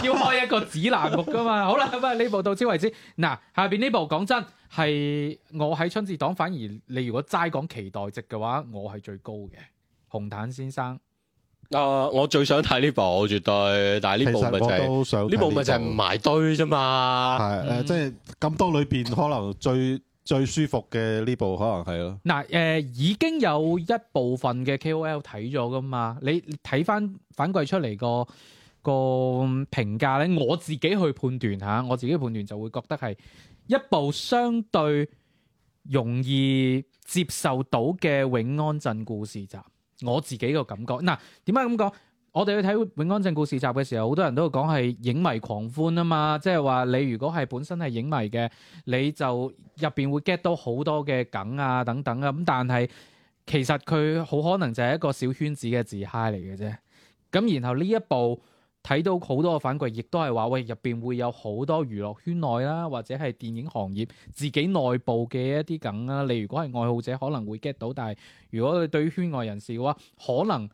要開一個子欄目噶嘛？好啦，咁啊呢部到此為止。嗱，下邊呢部講真係我喺春節檔，反而你如果齋講期待值嘅話，我係最高嘅《紅毯先生》。誒、呃，我最想睇呢部絕對，但係呢部咪就係、都想、呢部咪就係唔埋堆啫嘛。係誒、嗯，即係咁多裏邊，可能最 最舒服嘅呢部，可能係咯。嗱誒、啊嗯呃，已經有一部分嘅 KOL 睇咗噶嘛，你睇翻反饋出嚟，那個個評價咧，我自己去判斷吓，我自己判斷就會覺得係一部相對容易接受到嘅《永安鎮故事集》。我自己個感覺，嗱點解咁講？我哋去睇《永安鎮故事集》嘅時候，好多人都會講係影迷狂歡啊嘛，即係話你如果係本身係影迷嘅，你就入邊會 get 到好多嘅梗啊等等啊咁，但係其實佢好可能就係一個小圈子嘅自嗨嚟嘅啫，咁然後呢一部，睇到好多嘅反饋亦都係話，喂，入邊會有好多娛樂圈內啦，或者係電影行業自己內部嘅一啲梗啦。你如果係愛好者可能會 get 到，但係如果你對於圈外人士嘅話，可能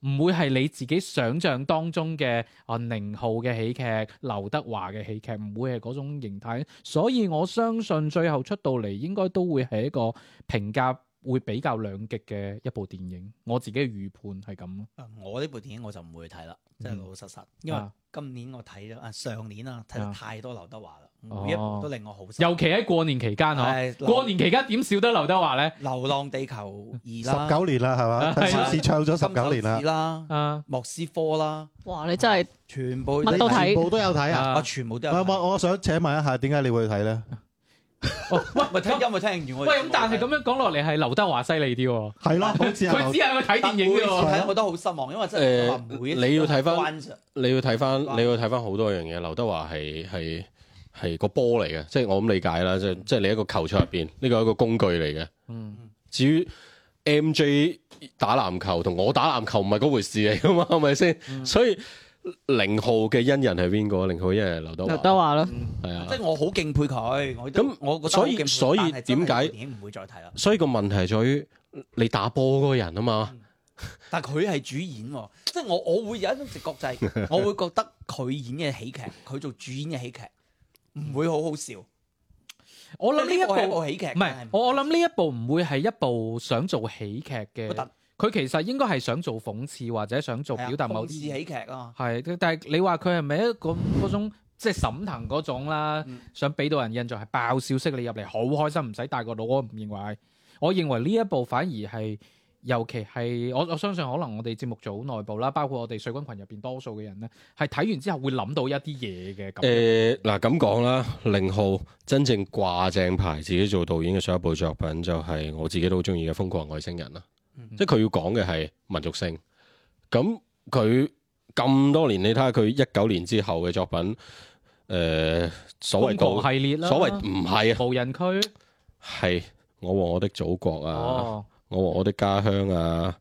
唔會係你自己想象當中嘅啊，寧浩嘅喜劇、劉德華嘅喜劇唔會係嗰種形態。所以我相信最後出到嚟應該都會係一個評價，會比較兩極嘅一部電影，我自己預判係咁咯。我呢部電影我就唔會睇啦，真係老老實實。因為今年我睇咗啊上年啦，睇咗太多劉德華啦，每一部都令我好。尤其喺過年期間啊，過年期間點少得劉德華咧？流浪地球二十九年啦，係嘛？超市唱咗十九年啦，莫斯科啦。哇，你真係全部你全部都有睇啊！我全部都。我我想請問一下，點解你會睇咧？ 喂，咪聽音樂聽完我。喂，咁但係咁樣講落嚟係劉德華犀利啲，係啦，佢 只係去睇電影嘅。睇得我都好失望，因為真係誒、呃，你要睇翻，你要睇翻，你要睇翻好多樣嘢。劉德華係係係個波嚟嘅，即係我咁理解啦，嗯、即係即係你一個球賽入邊，呢個係一個工具嚟嘅。嗯，至於 MJ 打籃球同我打籃球唔係嗰回事嚟噶嘛，係咪先？所以。零號嘅恩人係邊個？零號恩人劉德劉德華咯，係啊，即係我好敬佩佢。咁，我所以所以點解唔會再睇啊？所以個問題在於你打波嗰個人啊嘛。但佢係主演，即係我我會有一種直覺，就係我會覺得佢演嘅喜劇，佢做主演嘅喜劇唔會好好笑。我諗呢一部喜劇唔係我我諗呢一部唔會係一部想做喜劇嘅。佢其實應該係想做諷刺，或者想做表達某啲諷刺喜劇啊。係，但係你話佢係咪一個嗰、嗯、種即係沈騰嗰種啦？嗯、想俾到人印象係爆笑式，你入嚟好開心，唔使帶到個腦。我唔認為，我認為呢一部反而係尤其係我我相信可能我哋節目組內部啦，包括我哋水軍群入邊多數嘅人咧，係睇完之後會諗到一啲嘢嘅。誒嗱，咁講啦，寧浩真正掛正牌自己做導演嘅上一部作品就係我自己都好中意嘅《瘋狂外星人》啦。即係佢要講嘅係民族性，咁佢咁多年，你睇下佢一九年之後嘅作品，誒、呃，所謂系列啦，所謂唔係啊，無人區？係我和我的祖國啊，哦、我和我的家鄉啊。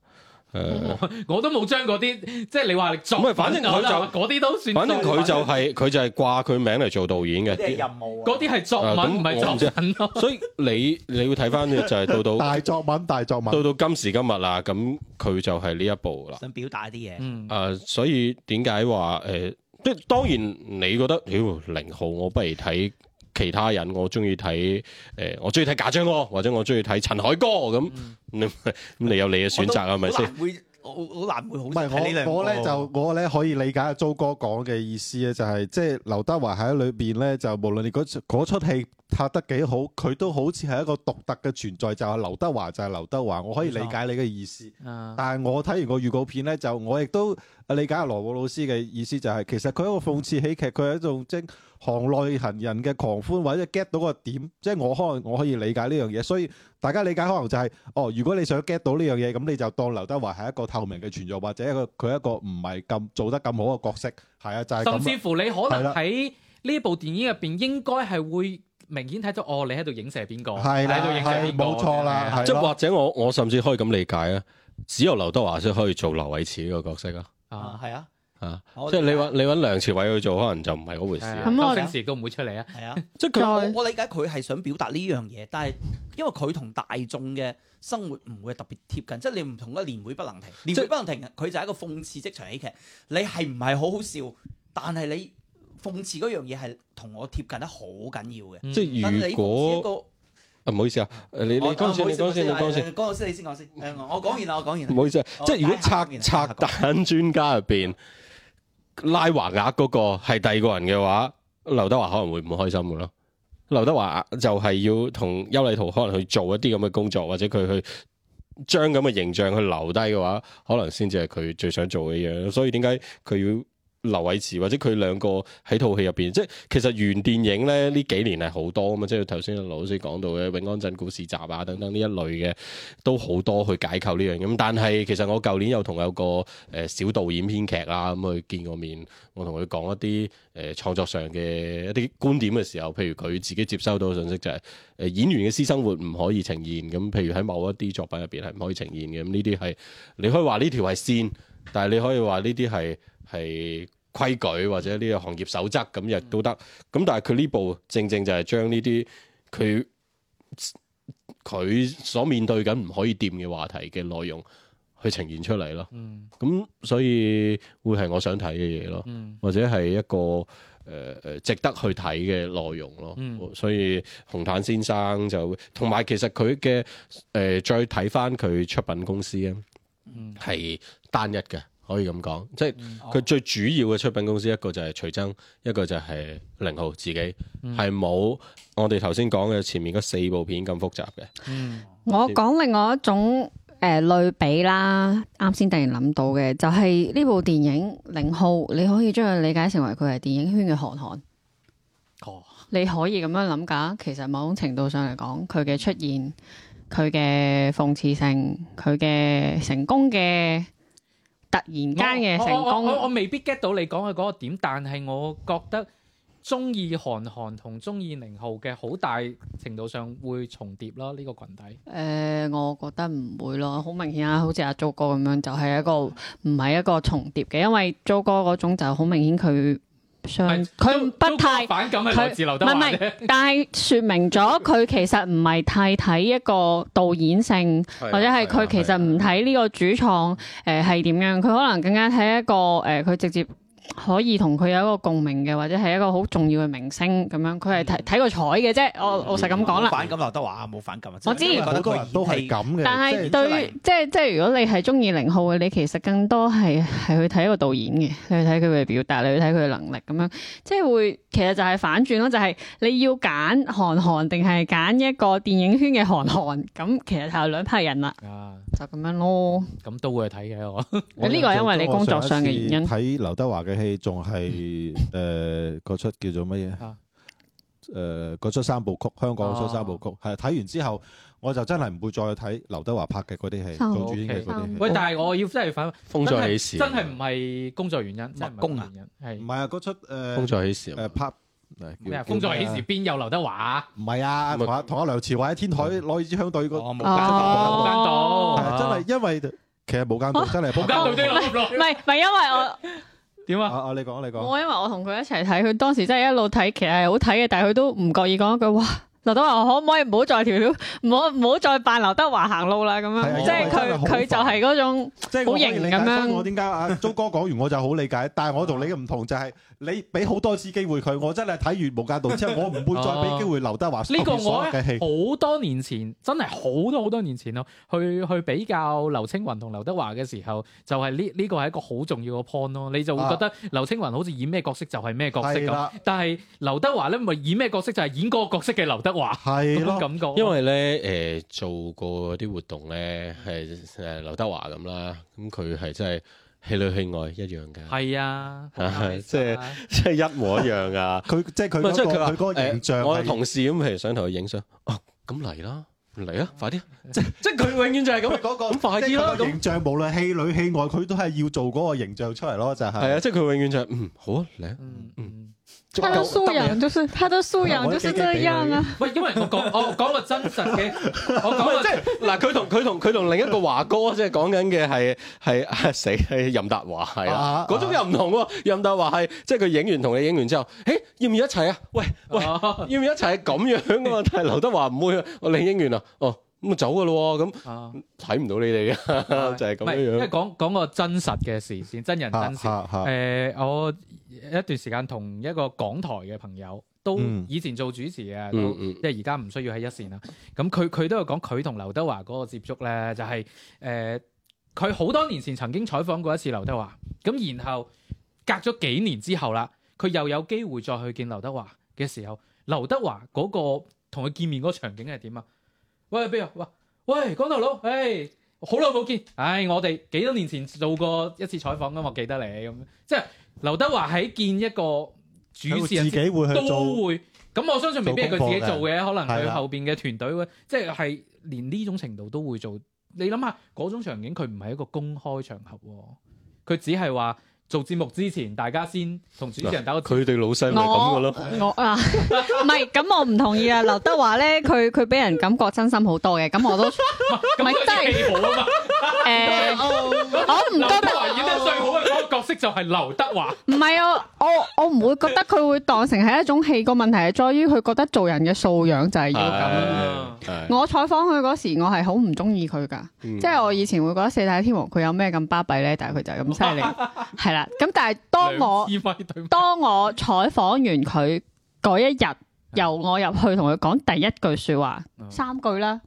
誒，嗯、 我都冇將嗰啲，即係你話作。反正佢就嗰啲都算。反正佢就係、是、佢就係掛佢名嚟做導演嘅。即係任務、啊。嗰啲係作文唔係作品咯、啊。 所以你你會睇翻嘅就係到到 大作文大作文。到到今時今日啦，咁佢就係呢一部啦。想表達啲嘢。誒、嗯呃，所以點解話誒、即、呃、係當然你覺得，零、呃、號我不如睇。其他人我中意睇，誒、呃、我中意睇賈樟柯，或者我中意睇陳凱歌咁，你咁、嗯、 你有你嘅選擇啊，係咪先？就是、難會好難，會好唔係我我咧就我咧可以理解阿周哥講嘅意思咧、就是，就係即係劉德華喺裏邊咧，就無論你嗰嗰出戲。拍得幾好，佢都好似係一個獨特嘅存在，就係、是、劉德華就係劉德華。我可以理解你嘅意思，錯但係我睇完個預告片呢，就我亦都理解阿羅浩老師嘅意思，就係、是、其實佢一個諷刺喜劇，佢係、嗯、一種即、就是、行內行人嘅狂歡，或者 get 到個點，即、就、係、是、我可能我可以理解呢樣嘢。所以大家理解可能就係、是、哦，如果你想 get 到呢樣嘢，咁你就當劉德華係一個透明嘅存在，或者一個佢一個唔係咁做得咁好嘅角色，係啊，就係、是、甚至乎你可能喺呢部電影入邊應該係會。明顯睇到哦，你喺度影射邊個？你喺度影射冇錯啦，即或者我我甚至可以咁理解啊，只有劉德華先可以做劉偉馳呢個角色啊。啊，係啊，啊，即係你揾你揾梁朝偉去做，可能就唔係嗰回事。咁我平時都唔會出嚟啊。係啊，即係我我理解佢係想表達呢樣嘢，但係因為佢同大眾嘅生活唔會特別貼近，即係你唔同嘅年會不能停，年會不能停，佢就係一個諷刺職場喜劇。你係唔係好好笑？但係你。諷刺嗰樣嘢係同我貼近得好緊要嘅、嗯。即係如果、那個、啊，唔好意思啊，誒你你先你剛先剛先，你先講先。我講完啦，我講完。唔好意思啊，即係如果拆拆彈專家入邊拉橫額嗰個係第二個人嘅話， 劉德華可能會唔開心嘅咯。劉德華就係要同邱禮濤可能去做一啲咁嘅工作，或者佢去將咁嘅形象去留低嘅話，可能先至係佢最想做嘅嘢。所以點解佢要？劉偉馳或者佢兩個喺套戲入邊，即係其實原電影咧呢幾年係好多啊。嘛，即係頭先羅老師講到嘅《永安鎮故事集》啊，等等呢一類嘅都好多去解構呢樣咁。但係其實我舊年有同有個誒小導演編劇啊咁去見過面，我同佢講一啲誒創作上嘅一啲觀點嘅時候，譬如佢自己接收到嘅信息就係、是、誒、呃、演員嘅私生活唔可以呈現咁，譬如喺某一啲作品入邊係唔可以呈現嘅咁。呢啲係你可以話呢條係線，但係你可以話呢啲係。係規矩或者呢個行業守則咁亦都得，咁、嗯、但係佢呢部正正就係將呢啲佢佢所面對緊唔可以掂嘅話題嘅內容去呈現出嚟咯。咁、嗯、所以會係我想睇嘅嘢咯，嗯、或者係一個誒誒、呃、值得去睇嘅內容咯。嗯、所以紅毯先生就同埋其實佢嘅誒再睇翻佢出品公司啊，係、嗯、單一嘅。可以咁講，即係佢最主要嘅出品公司一，一個就係徐崢，一個就係寧浩。自己，係冇、嗯、我哋頭先講嘅前面嗰四部片咁複雜嘅。嗯、我講另外一種誒類比啦，啱先突然諗到嘅就係、是、呢部電影寧浩，你可以將佢理解成為佢係電影圈嘅韓寒。哦，你可以咁樣諗㗎。其實某種程度上嚟講，佢嘅出現，佢嘅諷刺性，佢嘅成功嘅。突然間嘅成功我我我，我未必 get 到你講嘅嗰個點，但係我覺得中意韓寒同中意寧浩嘅好大程度上會重疊咯，呢、這個群體。誒、呃，我覺得唔會咯，好明顯啊，好似阿 Joe 哥咁樣，就係、是、一個唔係一個重疊嘅，因為 Joe 哥嗰種就好明顯佢。上佢都不太，反感佢自唔係唔係， 但係說明咗佢其實唔係太睇一個導演性， 或者係佢其實唔睇呢個主創誒係點樣，佢可能更加睇一個誒佢、呃、直接。可以同佢有一個共鳴嘅，或者係一個好重要嘅明星咁樣，佢係睇睇個彩嘅啫。我我、嗯、老實咁講啦，反感劉德華啊，冇反感，我之前覺得個人都係咁嘅。但係對，即係即係如果你係中意凌浩嘅，你其實更多係係去睇個導演嘅，你去睇佢嘅表達，你去睇佢嘅能力咁樣，即係會其實就係反轉咯，就係、是、你要揀韓寒定係揀一個電影圈嘅韓寒？咁、嗯、其實就兩批人啦。嗯、就咁樣咯。咁都會去睇嘅我。誒，呢個係因為你工作上嘅原因。睇劉德華嘅。戲仲係誒嗰出叫做乜嘢？誒嗰出三部曲，香港嗰出三部曲係睇完之後，我就真係唔會再睇劉德華拍嘅嗰啲戲，做主演嘅嗰啲。喂，但係我要真係反問，風再起時真係唔係工作原因，真係個人原因。係唔係啊？嗰出誒風再起時誒拍咩？風再起時邊有劉德華？唔係啊，同阿同阿梁朝偉喺天台攞支香對個。哦，無間道，真係因為其實無間道，真係無間道。唔係唔係，因為我。點啊？啊，你講，你講。我因為我同佢一齊睇，佢當時真係一路睇，其實係好睇嘅，但係佢都唔覺意講一句哇。劉德華可唔可以唔好再條，唔好唔好再扮劉德華行路啦咁樣，哦、即係佢佢就係嗰種好型咁樣。我點解阿、啊、周哥講完我就好理解， 但係我同你嘅唔同就係、是、你俾好多次機會佢，我真係睇完無間道之後， 我唔會再俾機會劉德華。呢、啊這個我好多年前，真係好多好多年前咯，去去比較劉青雲同劉德華嘅時候，就係呢呢個係一個好重要嘅 point 咯，你就會覺得劉青雲好似演咩角色就係咩角色咁，啊、但係劉德華咧咪演咩角色就係演嗰個角色嘅劉德華。話係咯，感覺、啊、因為咧，誒、呃，做過啲活動咧，係誒劉德華咁啦，咁佢係真係戲裏戲外一樣噶，係啊，即係即係一模一樣噶，佢即係佢，即係佢個形象、呃、我哋同事咁，譬如想同佢影相，哦、啊，咁嚟啦。嚟啊，快啲、啊，即即係佢永遠就係咁嗰個，咁快啲啦、啊，咁形象那無論戲裏戲外，佢都係要做嗰個形象出嚟咯，就係、係、係、就係就係嗯、啊，即係佢永遠就係嗯好啊嚟啊，嗯嗯。嗯嗯他的素養就是、啊、他的素養就是、啊、就是這樣啊！喂，因為我講我講個真實嘅，我講 即係嗱，佢同佢同佢同另一個華哥即係講緊嘅係係死係任達華係啊，嗰種又唔同。任達華係、啊啊啊、即係佢影完同你影完之後，誒、欸、要唔要一齊啊？喂喂，要唔要一齊係咁樣啊？但係劉德華唔會、啊，我另影完啊。哦。咁啊走噶咯，咁睇唔到你哋啊， 就係咁樣。即係講講個真實嘅事，先真人真事。誒、 呃，我一段時間同一個港台嘅朋友，都以前做主持嘅，都即係而家唔需要喺一線啦。咁佢佢都有講佢同劉德華嗰個接觸咧，就係、是、誒，佢、呃、好多年前曾經採訪過一次劉德華，咁然後隔咗幾年之後啦，佢又有機會再去見劉德華嘅時候，劉德華嗰、嗰個同佢見面嗰個場景係點啊？喂，邊啊？話喂，光頭佬，唉、欸，好耐冇見，唉，我哋幾多年前做過一次採訪咁，我記得你咁，即係劉德華喺見一個主持人，都會自己會去做，都會。咁我相信未必係佢自己做嘅，做可能佢後邊嘅團隊，的即係係連呢種程度都會做。你諗下嗰種場景，佢唔係一個公開場合，佢只係話。做節目之前，大家先同主持人打個，佢哋老細咪咁嘅咯。我啊，唔係咁，我唔同意啊。劉德華咧，佢佢俾人感覺真心好多嘅，咁我都，唔係都係幾好啊嘛。誒，我唔覺得，華演得最好。就係劉德華，唔係啊！我我唔會覺得佢會當成係一種戲，個問題係在於佢覺得做人嘅素養就係要咁。哎、呀 我採訪佢嗰時，我係好唔中意佢㗎，嗯、即係我以前會覺得四大天王佢有咩咁巴閉咧？但係佢就係咁犀利，係啦。 咁但係當我 米米當我採訪完佢嗰一日。由我入去同佢講第一句說話，三句啦，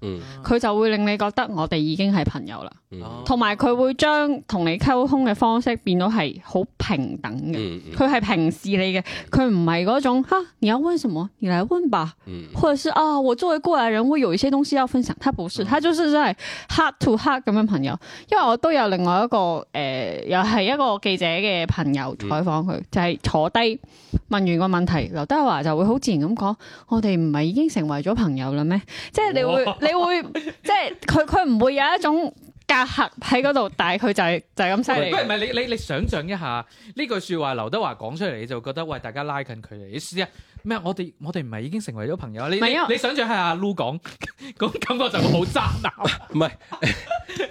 佢、嗯、就會令你覺得我哋已經係朋友啦。同埋佢會將同你溝通嘅方式變到係好平等嘅，佢係、嗯嗯、平視你嘅，佢唔係嗰種嚇、啊、你要問什麼你嚟問吧，嗯、或者是啊我作為過來人會有一些東西要分享。他不是，嗯、他就是在 heart to heart 咁樣朋友。因為我都有另外一個誒、呃、又係一個記者嘅朋友，採訪佢就係坐低問完個問題，劉德華就會好自然咁講。我哋唔係已經成為咗朋友啦咩？即係你會哇 你會即係佢佢唔會有一種隔閡喺嗰度，但係佢就係、是、就係咁犀利。不過唔係你你你想象一下呢句話劉說話劉德華講出嚟，你就覺得喂，大家拉近距離。意思下咩？我哋我哋唔係已經成為咗朋友。你是你，你想象下阿 Lu 講，咁感覺就會好渣男。唔係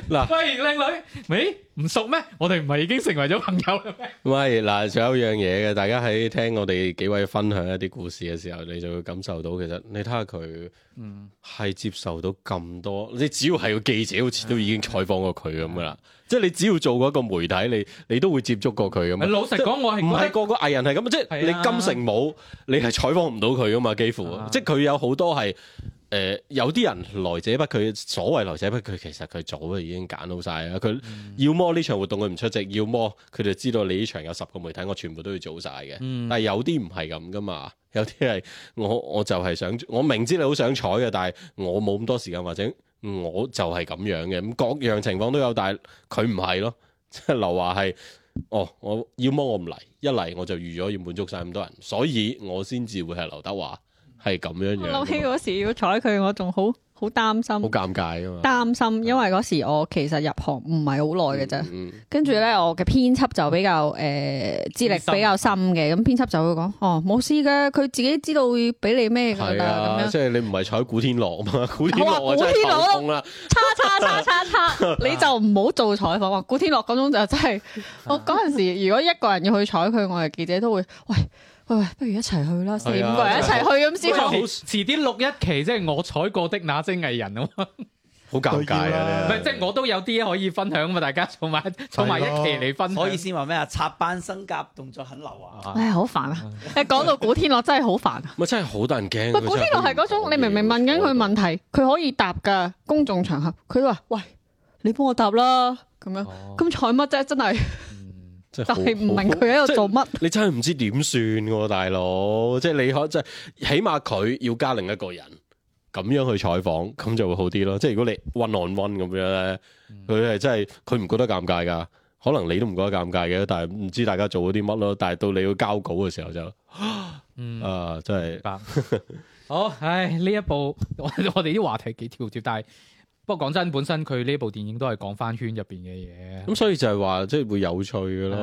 嗱。 喂，靚女，喂。 唔熟咩？我哋唔係已經成為咗朋友啦咩？喂，嗱，仲有一樣嘢嘅，大家喺聽我哋幾位分享一啲故事嘅時候，你就會感受到，其實你睇下佢，嗯，係接受到咁多。你只要係個記者，好似都已經採訪過佢咁噶啦。的即係你只要做過一個媒體，你你都會接觸過佢噶嘛。老實講，我係唔係個個藝人係咁的即係你金城武，你係採訪唔到佢噶嘛？幾乎，的即係佢有好多係。誒、呃，有啲人來者不拒，所謂來者不拒，其實佢早就已經揀好晒啦。佢要麼呢場活動佢唔出席，要麼佢就知道你呢場有十個媒體，我全部都要做晒嘅。但係有啲唔係咁噶嘛，有啲係我我就係想，我明知你好想彩嘅，但係我冇咁多時間，或者我就係咁樣嘅。咁各樣情況都有，但係佢唔係咯，即係劉華係，哦，我要麼我唔嚟，一嚟我就預咗要滿足晒咁多人，所以我先至會係劉德華。.係咁樣嘅。我諗起嗰時要採佢，我仲好好擔心。好尷尬啊！擔心，因為嗰時我其實入行唔係好耐嘅啫。跟住咧，我嘅編輯就比較誒資歷比較深嘅，咁編輯就會講：哦，冇事嘅，佢自己知道會俾你咩噶啦。咁即係你唔係採古天樂啊嘛？古天樂古天樂啦，差差差差差，你就唔好做採訪。古天樂嗰種就真係，我嗰陣時如果一個人要去採佢，我哋記者都會喂。喂，不如一齊去啦，四五個人一齊去咁先。遲啲錄一期，即係我採過的那些藝人啊，好尷尬啊！唔係，即係我都有啲可以分享嘛，大家坐埋坐埋一期嚟分享。可以先話咩啊？插班生格動作很流啊！唉，好煩啊！誒，講到古天樂真係好煩啊！咪真係好多人驚。古天樂係嗰種，你明明問緊佢問題，佢可以答噶。公眾場合，佢話：喂，你幫我答啦咁樣。咁採乜啫？真係。就係唔明佢喺度做乜是？ 你真係唔知點算喎，大佬！即係你可即係起碼佢要加另一個人，咁樣去採訪，咁就會好啲咯。即係如果你 one on one 咁樣咧，佢係、嗯、真係佢唔覺得尷尬噶，可能你都唔覺得尷尬嘅，但係唔知大家做咗啲乜咯。但係到你要交稿嘅時候就，啊，真係，好唉！呢一步我哋啲話題幾跳接，但係。不過講真，本身佢呢部電影都係講翻圈入邊嘅嘢，咁、嗯、所以就係話即係會有趣嘅咯。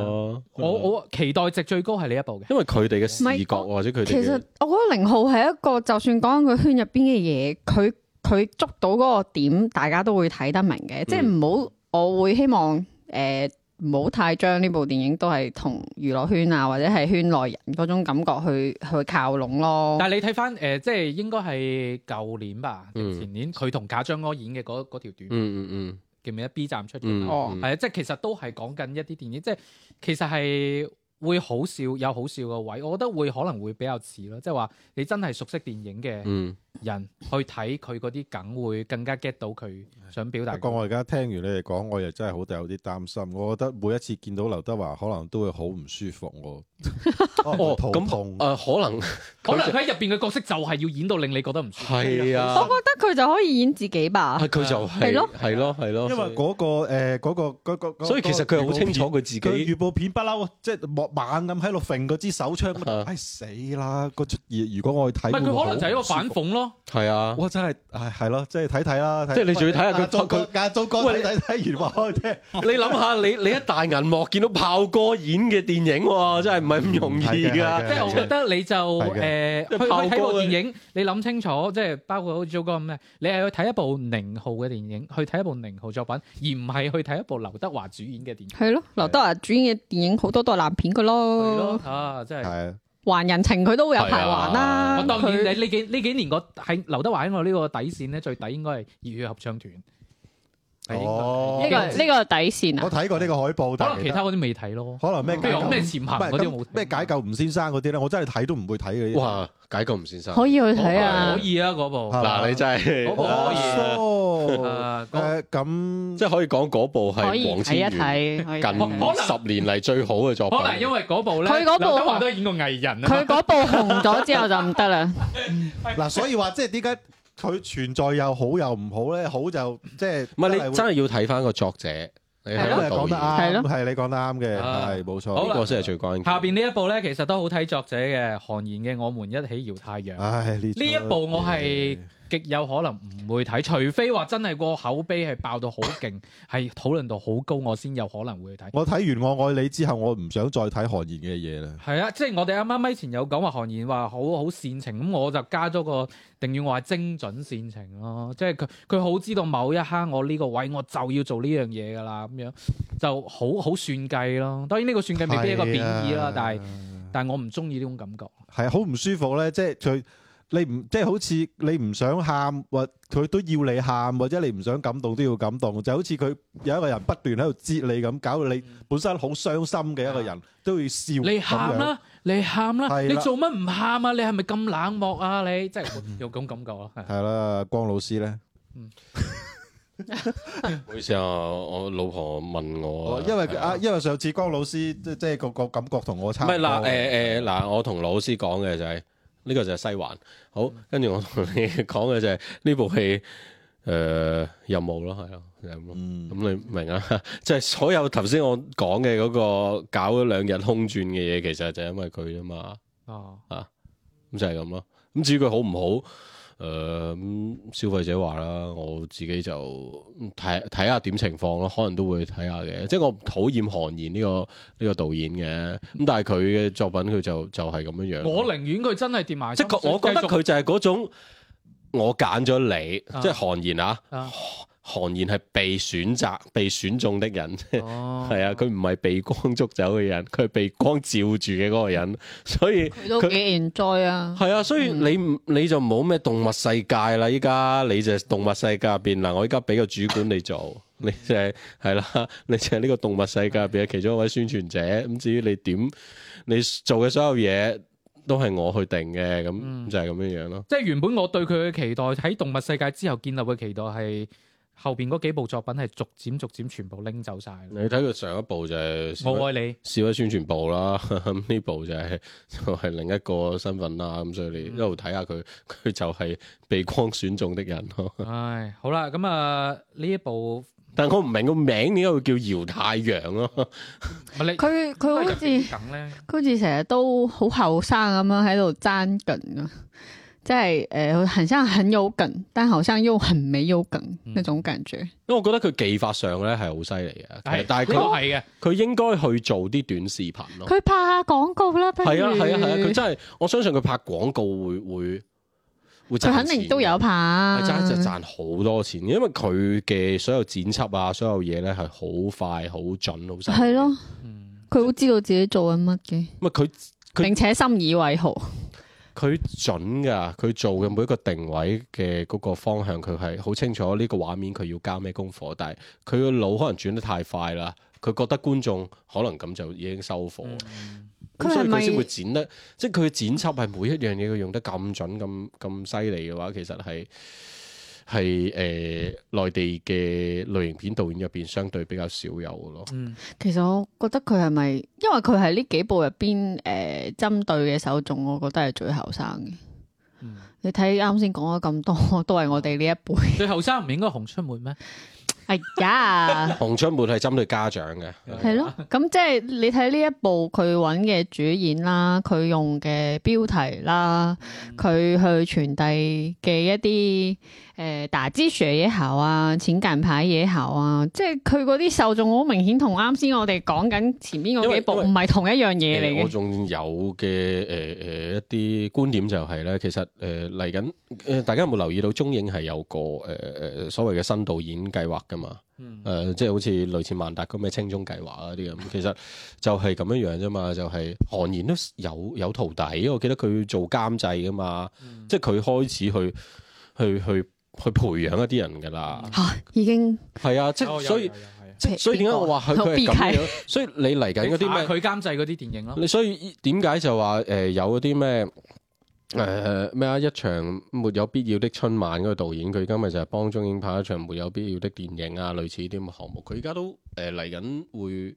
嗯、我我期待值最高係呢一部嘅，因為佢哋嘅視覺不或者佢哋。其實我覺得寧浩係一個就算講佢圈入邊嘅嘢，佢佢捉到嗰個點，大家都會睇得明嘅，即係唔好。我會希望誒。呃唔好太將呢部電影都係同娛樂圈啊，或者係圈內人嗰種感覺去去靠攏咯。但係你睇翻誒，即係應該係舊年吧，嗯、前年佢同賈樟柯演嘅嗰嗰條短片，唔咩、嗯嗯、記唔記得 B 站出嘅、嗯嗯、哦，係啊，即係其實都係講緊一啲電影，即係其實係會好笑，有好笑嘅位，我覺得會可能會比較似咯，即係話你真係熟悉電影嘅。嗯人去睇佢嗰啲梗會更加 get 到佢想表達。不過我而家聽完你哋講，我又真係好有啲擔心。我覺得每一次見到劉德華，可能都會好唔舒服。我咁同，誒，可能可能佢喺入邊嘅角色就係要演到令你覺得唔舒服。係啊，我覺得佢就可以演自己吧。係佢就係咯，係咯，係咯。因為嗰個誒嗰個個，所以其實佢好清楚佢自己。佢預告片不嬲，即係莫慢咁喺度揈嗰支手槍，唉死啦！如果我去睇，可能就係一個反諷咯。係啊，哇真係係係咯，即係睇睇啦，即係你仲要睇下佢作佢，周哥，你睇睇《如畫》啫。你諗下，你你一大銀幕見到炮哥演嘅電影喎，真係唔係咁容易噶。即係我覺得你就誒去睇部電影，你諗清楚，即係包括好似周哥咁咧，你係去睇一部寧浩嘅電影，去睇一部寧浩作品，而唔係去睇一部劉德華主演嘅電影。係咯，劉德華主演嘅電影好多都係爛片噶咯。係咯，啊真係。係啊。還人情佢都會有排還啦、啊他。我當然你呢幾呢幾年個喺劉德華喺我呢個底線咧最底應該係熱血合唱團。哦，呢個呢個底線啊！我睇過呢個海報，但係其他我都未睇咯。可能咩咩潛行嗰啲冇，咩解救吳先生嗰啲咧，我真係睇都唔會睇嘅。哇，解救吳先生可以去睇啊，可以啊，嗰部嗱你真係，可以啊，咁即係可以講嗰部係王千源近十年嚟，最好嘅作品。可能因為嗰部咧，佢嗰部演過藝人，佢嗰部紅咗之後就唔得啦。嗱，所以話即係點解？佢存在又好又唔好咧，好就即係唔係你真係要睇翻個作者，你係講得啱，係嘅，你講得啱嘅，係冇、啊、錯。好啦，呢個先係最關鍵。下邊呢一部咧，其實都好睇作者嘅韓延嘅《我們一起搖太陽》。唉，呢一部我係。極有可能唔會睇，除非話真係個口碑係爆到好勁，係 討論度好高，我先有可能會睇。我睇完我愛你之後，我唔想再睇韓言嘅嘢啦。係啊，即係我哋啱啱咪前有講話韓言話好好煽情，咁我就加咗個定義，我係精準煽情咯。即係佢佢好知道某一刻我呢個位我就要做呢樣嘢㗎啦，咁樣就好好算計咯。當然呢個算計未必係一個貶義啦，但係但係我唔中意呢種感覺。係啊，好唔舒服咧，即係最。你唔即係好似你唔想喊或佢都要你喊，或者你唔想感動都要感動，就好似佢有一個人不斷喺度擠你咁，搞到你本身好傷心嘅一個人都要笑。你喊啦，你喊啦，你做乜唔喊啊？你係咪咁冷漠啊？你即係有咁感覺咯。係啦，光老師咧，唔好意思啊，我老婆問我，因為啊，因為上次光老師即即係個個感覺同我差唔多啦。誒誒，嗱，我同老師講嘅就係。呢個就係西環，好、嗯、跟住我同你講嘅就係呢部戲，誒、呃、任務咯，係咯，就係咁咯，咁你明啊？即 係所有頭先我講嘅嗰個搞咗兩日空轉嘅嘢，其實就係因為佢啫嘛，啊，咁、啊、就係咁咯，咁至於佢好唔好？誒，咁、呃、消費者話啦，我自己就睇睇下點情況咯，可能都會睇下嘅。即係我唔討厭韓延呢個呢、這個導演嘅，咁但係佢嘅作品佢就就係、是、咁樣樣。我寧願佢真係跌埋。即係我我覺得佢就係嗰種，續我揀咗你，即係韓延啊。啊啊韓言係被選擇、被選中的人，係、哦、 啊，佢唔係被光捉走嘅人，佢係被光照住嘅嗰個人，所以佢都幾 enjoy 啊。係 啊，所以你你就冇咩動物世界啦，依家你就動物世界入邊嗱，我依家俾個主管你做，你就係係啦，你就係呢個動物世界入邊嘅其中一位宣傳者。咁至於你點你做嘅所有嘢都係我去定嘅，咁就係咁樣樣咯。嗯、即係原本我對佢嘅期待喺動物世界之後建立嘅期待係。後邊嗰幾部作品係逐漸逐漸全部拎走晒。你睇佢上一部就係《我愛你》市委宣傳部啦，呢部就係就係另一個身份啦。咁所以你一路睇下佢，佢、嗯、就係被光選中的人咯。唉，好啦，咁啊呢一部，但我唔明個名點解會叫《搖太陽》咯、啊你？佢佢 好似好似成日都好後生咁樣喺度爭緊啊！即係誒，很像很有梗，但好像又很沒有梗，嗯、那種感覺。因為我覺得佢技法上咧係好犀利嘅，對但係佢係嘅，佢噢應該去做啲短視頻咯。佢拍下廣告啦，不如係啊係啊係啊！佢，啊啊，真係我相信佢拍廣告會會會賺錢。肯定都有拍，啊，係真係就賺好多錢，因為佢嘅所有剪輯啊，所有嘢咧係好快，好準，好犀利。係咯，啊，佢好知道自己做緊乜嘅，咪佢，嗯、並且心以為豪。佢準㗎，佢做嘅每一個定位嘅嗰個方向，佢係好清楚呢個畫面佢要交咩功課。但係佢個腦可能轉得太快啦，佢覺得觀眾可能咁就已經收貨，嗯、所以佢先會剪得。是是即係佢剪輯係每一樣嘢佢用得咁準、咁咁犀利嘅話，其實係。係誒、呃，內地嘅類型片導演入邊相對比較少有嘅咯。嗯，其實我覺得佢係咪，因為佢喺呢幾部入邊誒，針、呃、對嘅受眾，我覺得係最後生嘅。嗯，你睇啱先講咗咁多，都係我哋呢一輩。最後生唔應該熊出沒咩？係啊，熊出沒係針對家長嘅。 係咯，咁即係你睇呢一部佢揾嘅主演啦，佢用嘅標題啦，佢去傳遞嘅一啲。誒，達志雪嘢好啊，淺近派嘢好啊，即係佢嗰啲受眾好明顯同啱先我哋講緊前邊嗰幾部唔係同一樣嘢嚟嘅。我仲有嘅誒誒一啲觀點就係、是、咧，其實誒嚟緊誒大家有冇留意到中影係有個誒誒、呃、所謂嘅新導演計劃噶嘛？誒、嗯呃，即係好似類似萬達嗰咩青蔥計劃啊啲咁，其實就係咁樣樣啫嘛，就係、是、韓延都有有徒弟，因為我記得佢做監製噶嘛，嗯嗯、即係佢開始去去去。去去去培養一啲人噶啦，已經係啊，即係所以，哦、所以點解誰我話佢佢咁，所以你嚟緊嗰啲咩？佢監製嗰啲電影咯。你所以點解就話誒、呃、有嗰啲咩誒咩啊？一場沒有必要的春晚嗰個導演，佢今日就係幫中影拍一場沒有必要的電影啊，類似啲咁嘅項目。佢而家都誒嚟緊會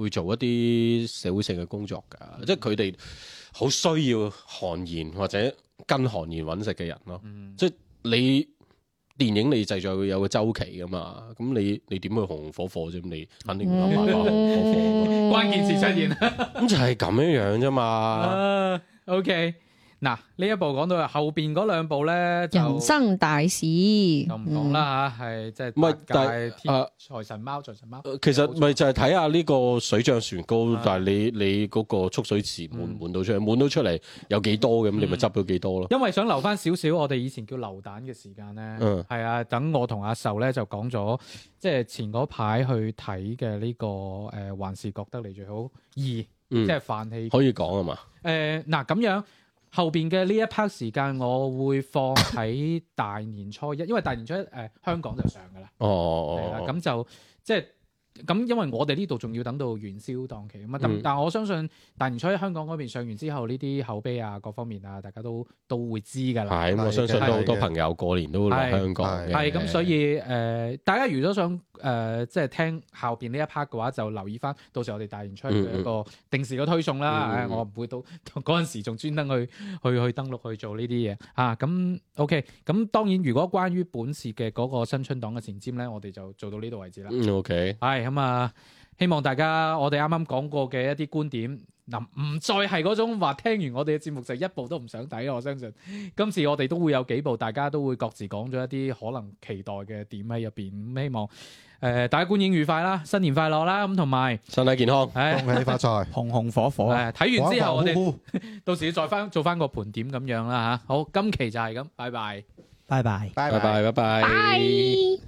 會做一啲社會性嘅工作噶，即係佢哋好需要韓延或者跟韓延揾食嘅人咯。即係、嗯、你。電影你製作會有個周期㗎嘛，咁你你點去紅紅火火啫？你肯定唔得買爆， 關鍵時出現，咁 就係咁樣樣啫嘛。Uh, OK。嗱，呢一部講到後邊嗰兩部咧，人生大事咁唔講啦嚇，係即係界神、啊、財神貓，財神貓。其實咪就係睇下呢個水漲船高，啊、但係你你嗰個蓄水池滿唔滿到出嚟？滿到出嚟有幾多咁，你咪執到幾多咯、嗯。因為想留翻少少，我哋以前叫流彈嘅時間咧，係、嗯、啊，等我同阿壽咧就講咗，即、就、係、是、前嗰排去睇嘅呢個誒、呃，還是覺得你最好二，啊、即係飯戲可以講、呃、啊嘛。誒嗱咁樣。後邊嘅呢一 part 時間，我會放喺大年初一， 因為大年初一誒、呃、香港就上㗎啦，係啦、哦哦哦哦嗯，咁就即係。就係咁因為我哋呢度仲要等到元宵檔期啊嘛，但、嗯、但我相信大年初一香港嗰邊上完之後，呢啲口碑啊各方面啊，大家都都會知㗎啦。係，我相信都好多朋友過年都會嚟香港嘅。係咁，所以誒、呃，大家如果想誒、呃、即係聽後邊呢一 part 嘅話，就留意翻，到時我哋大年初一個定時嘅推送啦。嗯嗯哎、我唔會到嗰陣時仲專登去去去登錄去做呢啲嘢啊。咁 OK，咁當然如果關於本節嘅嗰個新春檔嘅前瞻咧，我哋就做到呢度為止啦。OK，係、嗯。嗯。咁啊，希望大家我哋啱啱講過嘅一啲觀點，嗱唔再係嗰種話聽完我哋嘅節目就一部都唔想睇咯。我相信今次我哋都會有幾部，大家都會各自講咗一啲可能期待嘅點喺入邊。咁希望誒，大家觀影愉快啦，新年快樂啦，咁同埋身體健康，恭喜發財，紅紅火火。誒，睇完之後我哋到時再翻做翻個盤點咁樣啦吓。好，今期就係咁，拜拜，拜拜，拜拜，拜拜，拜。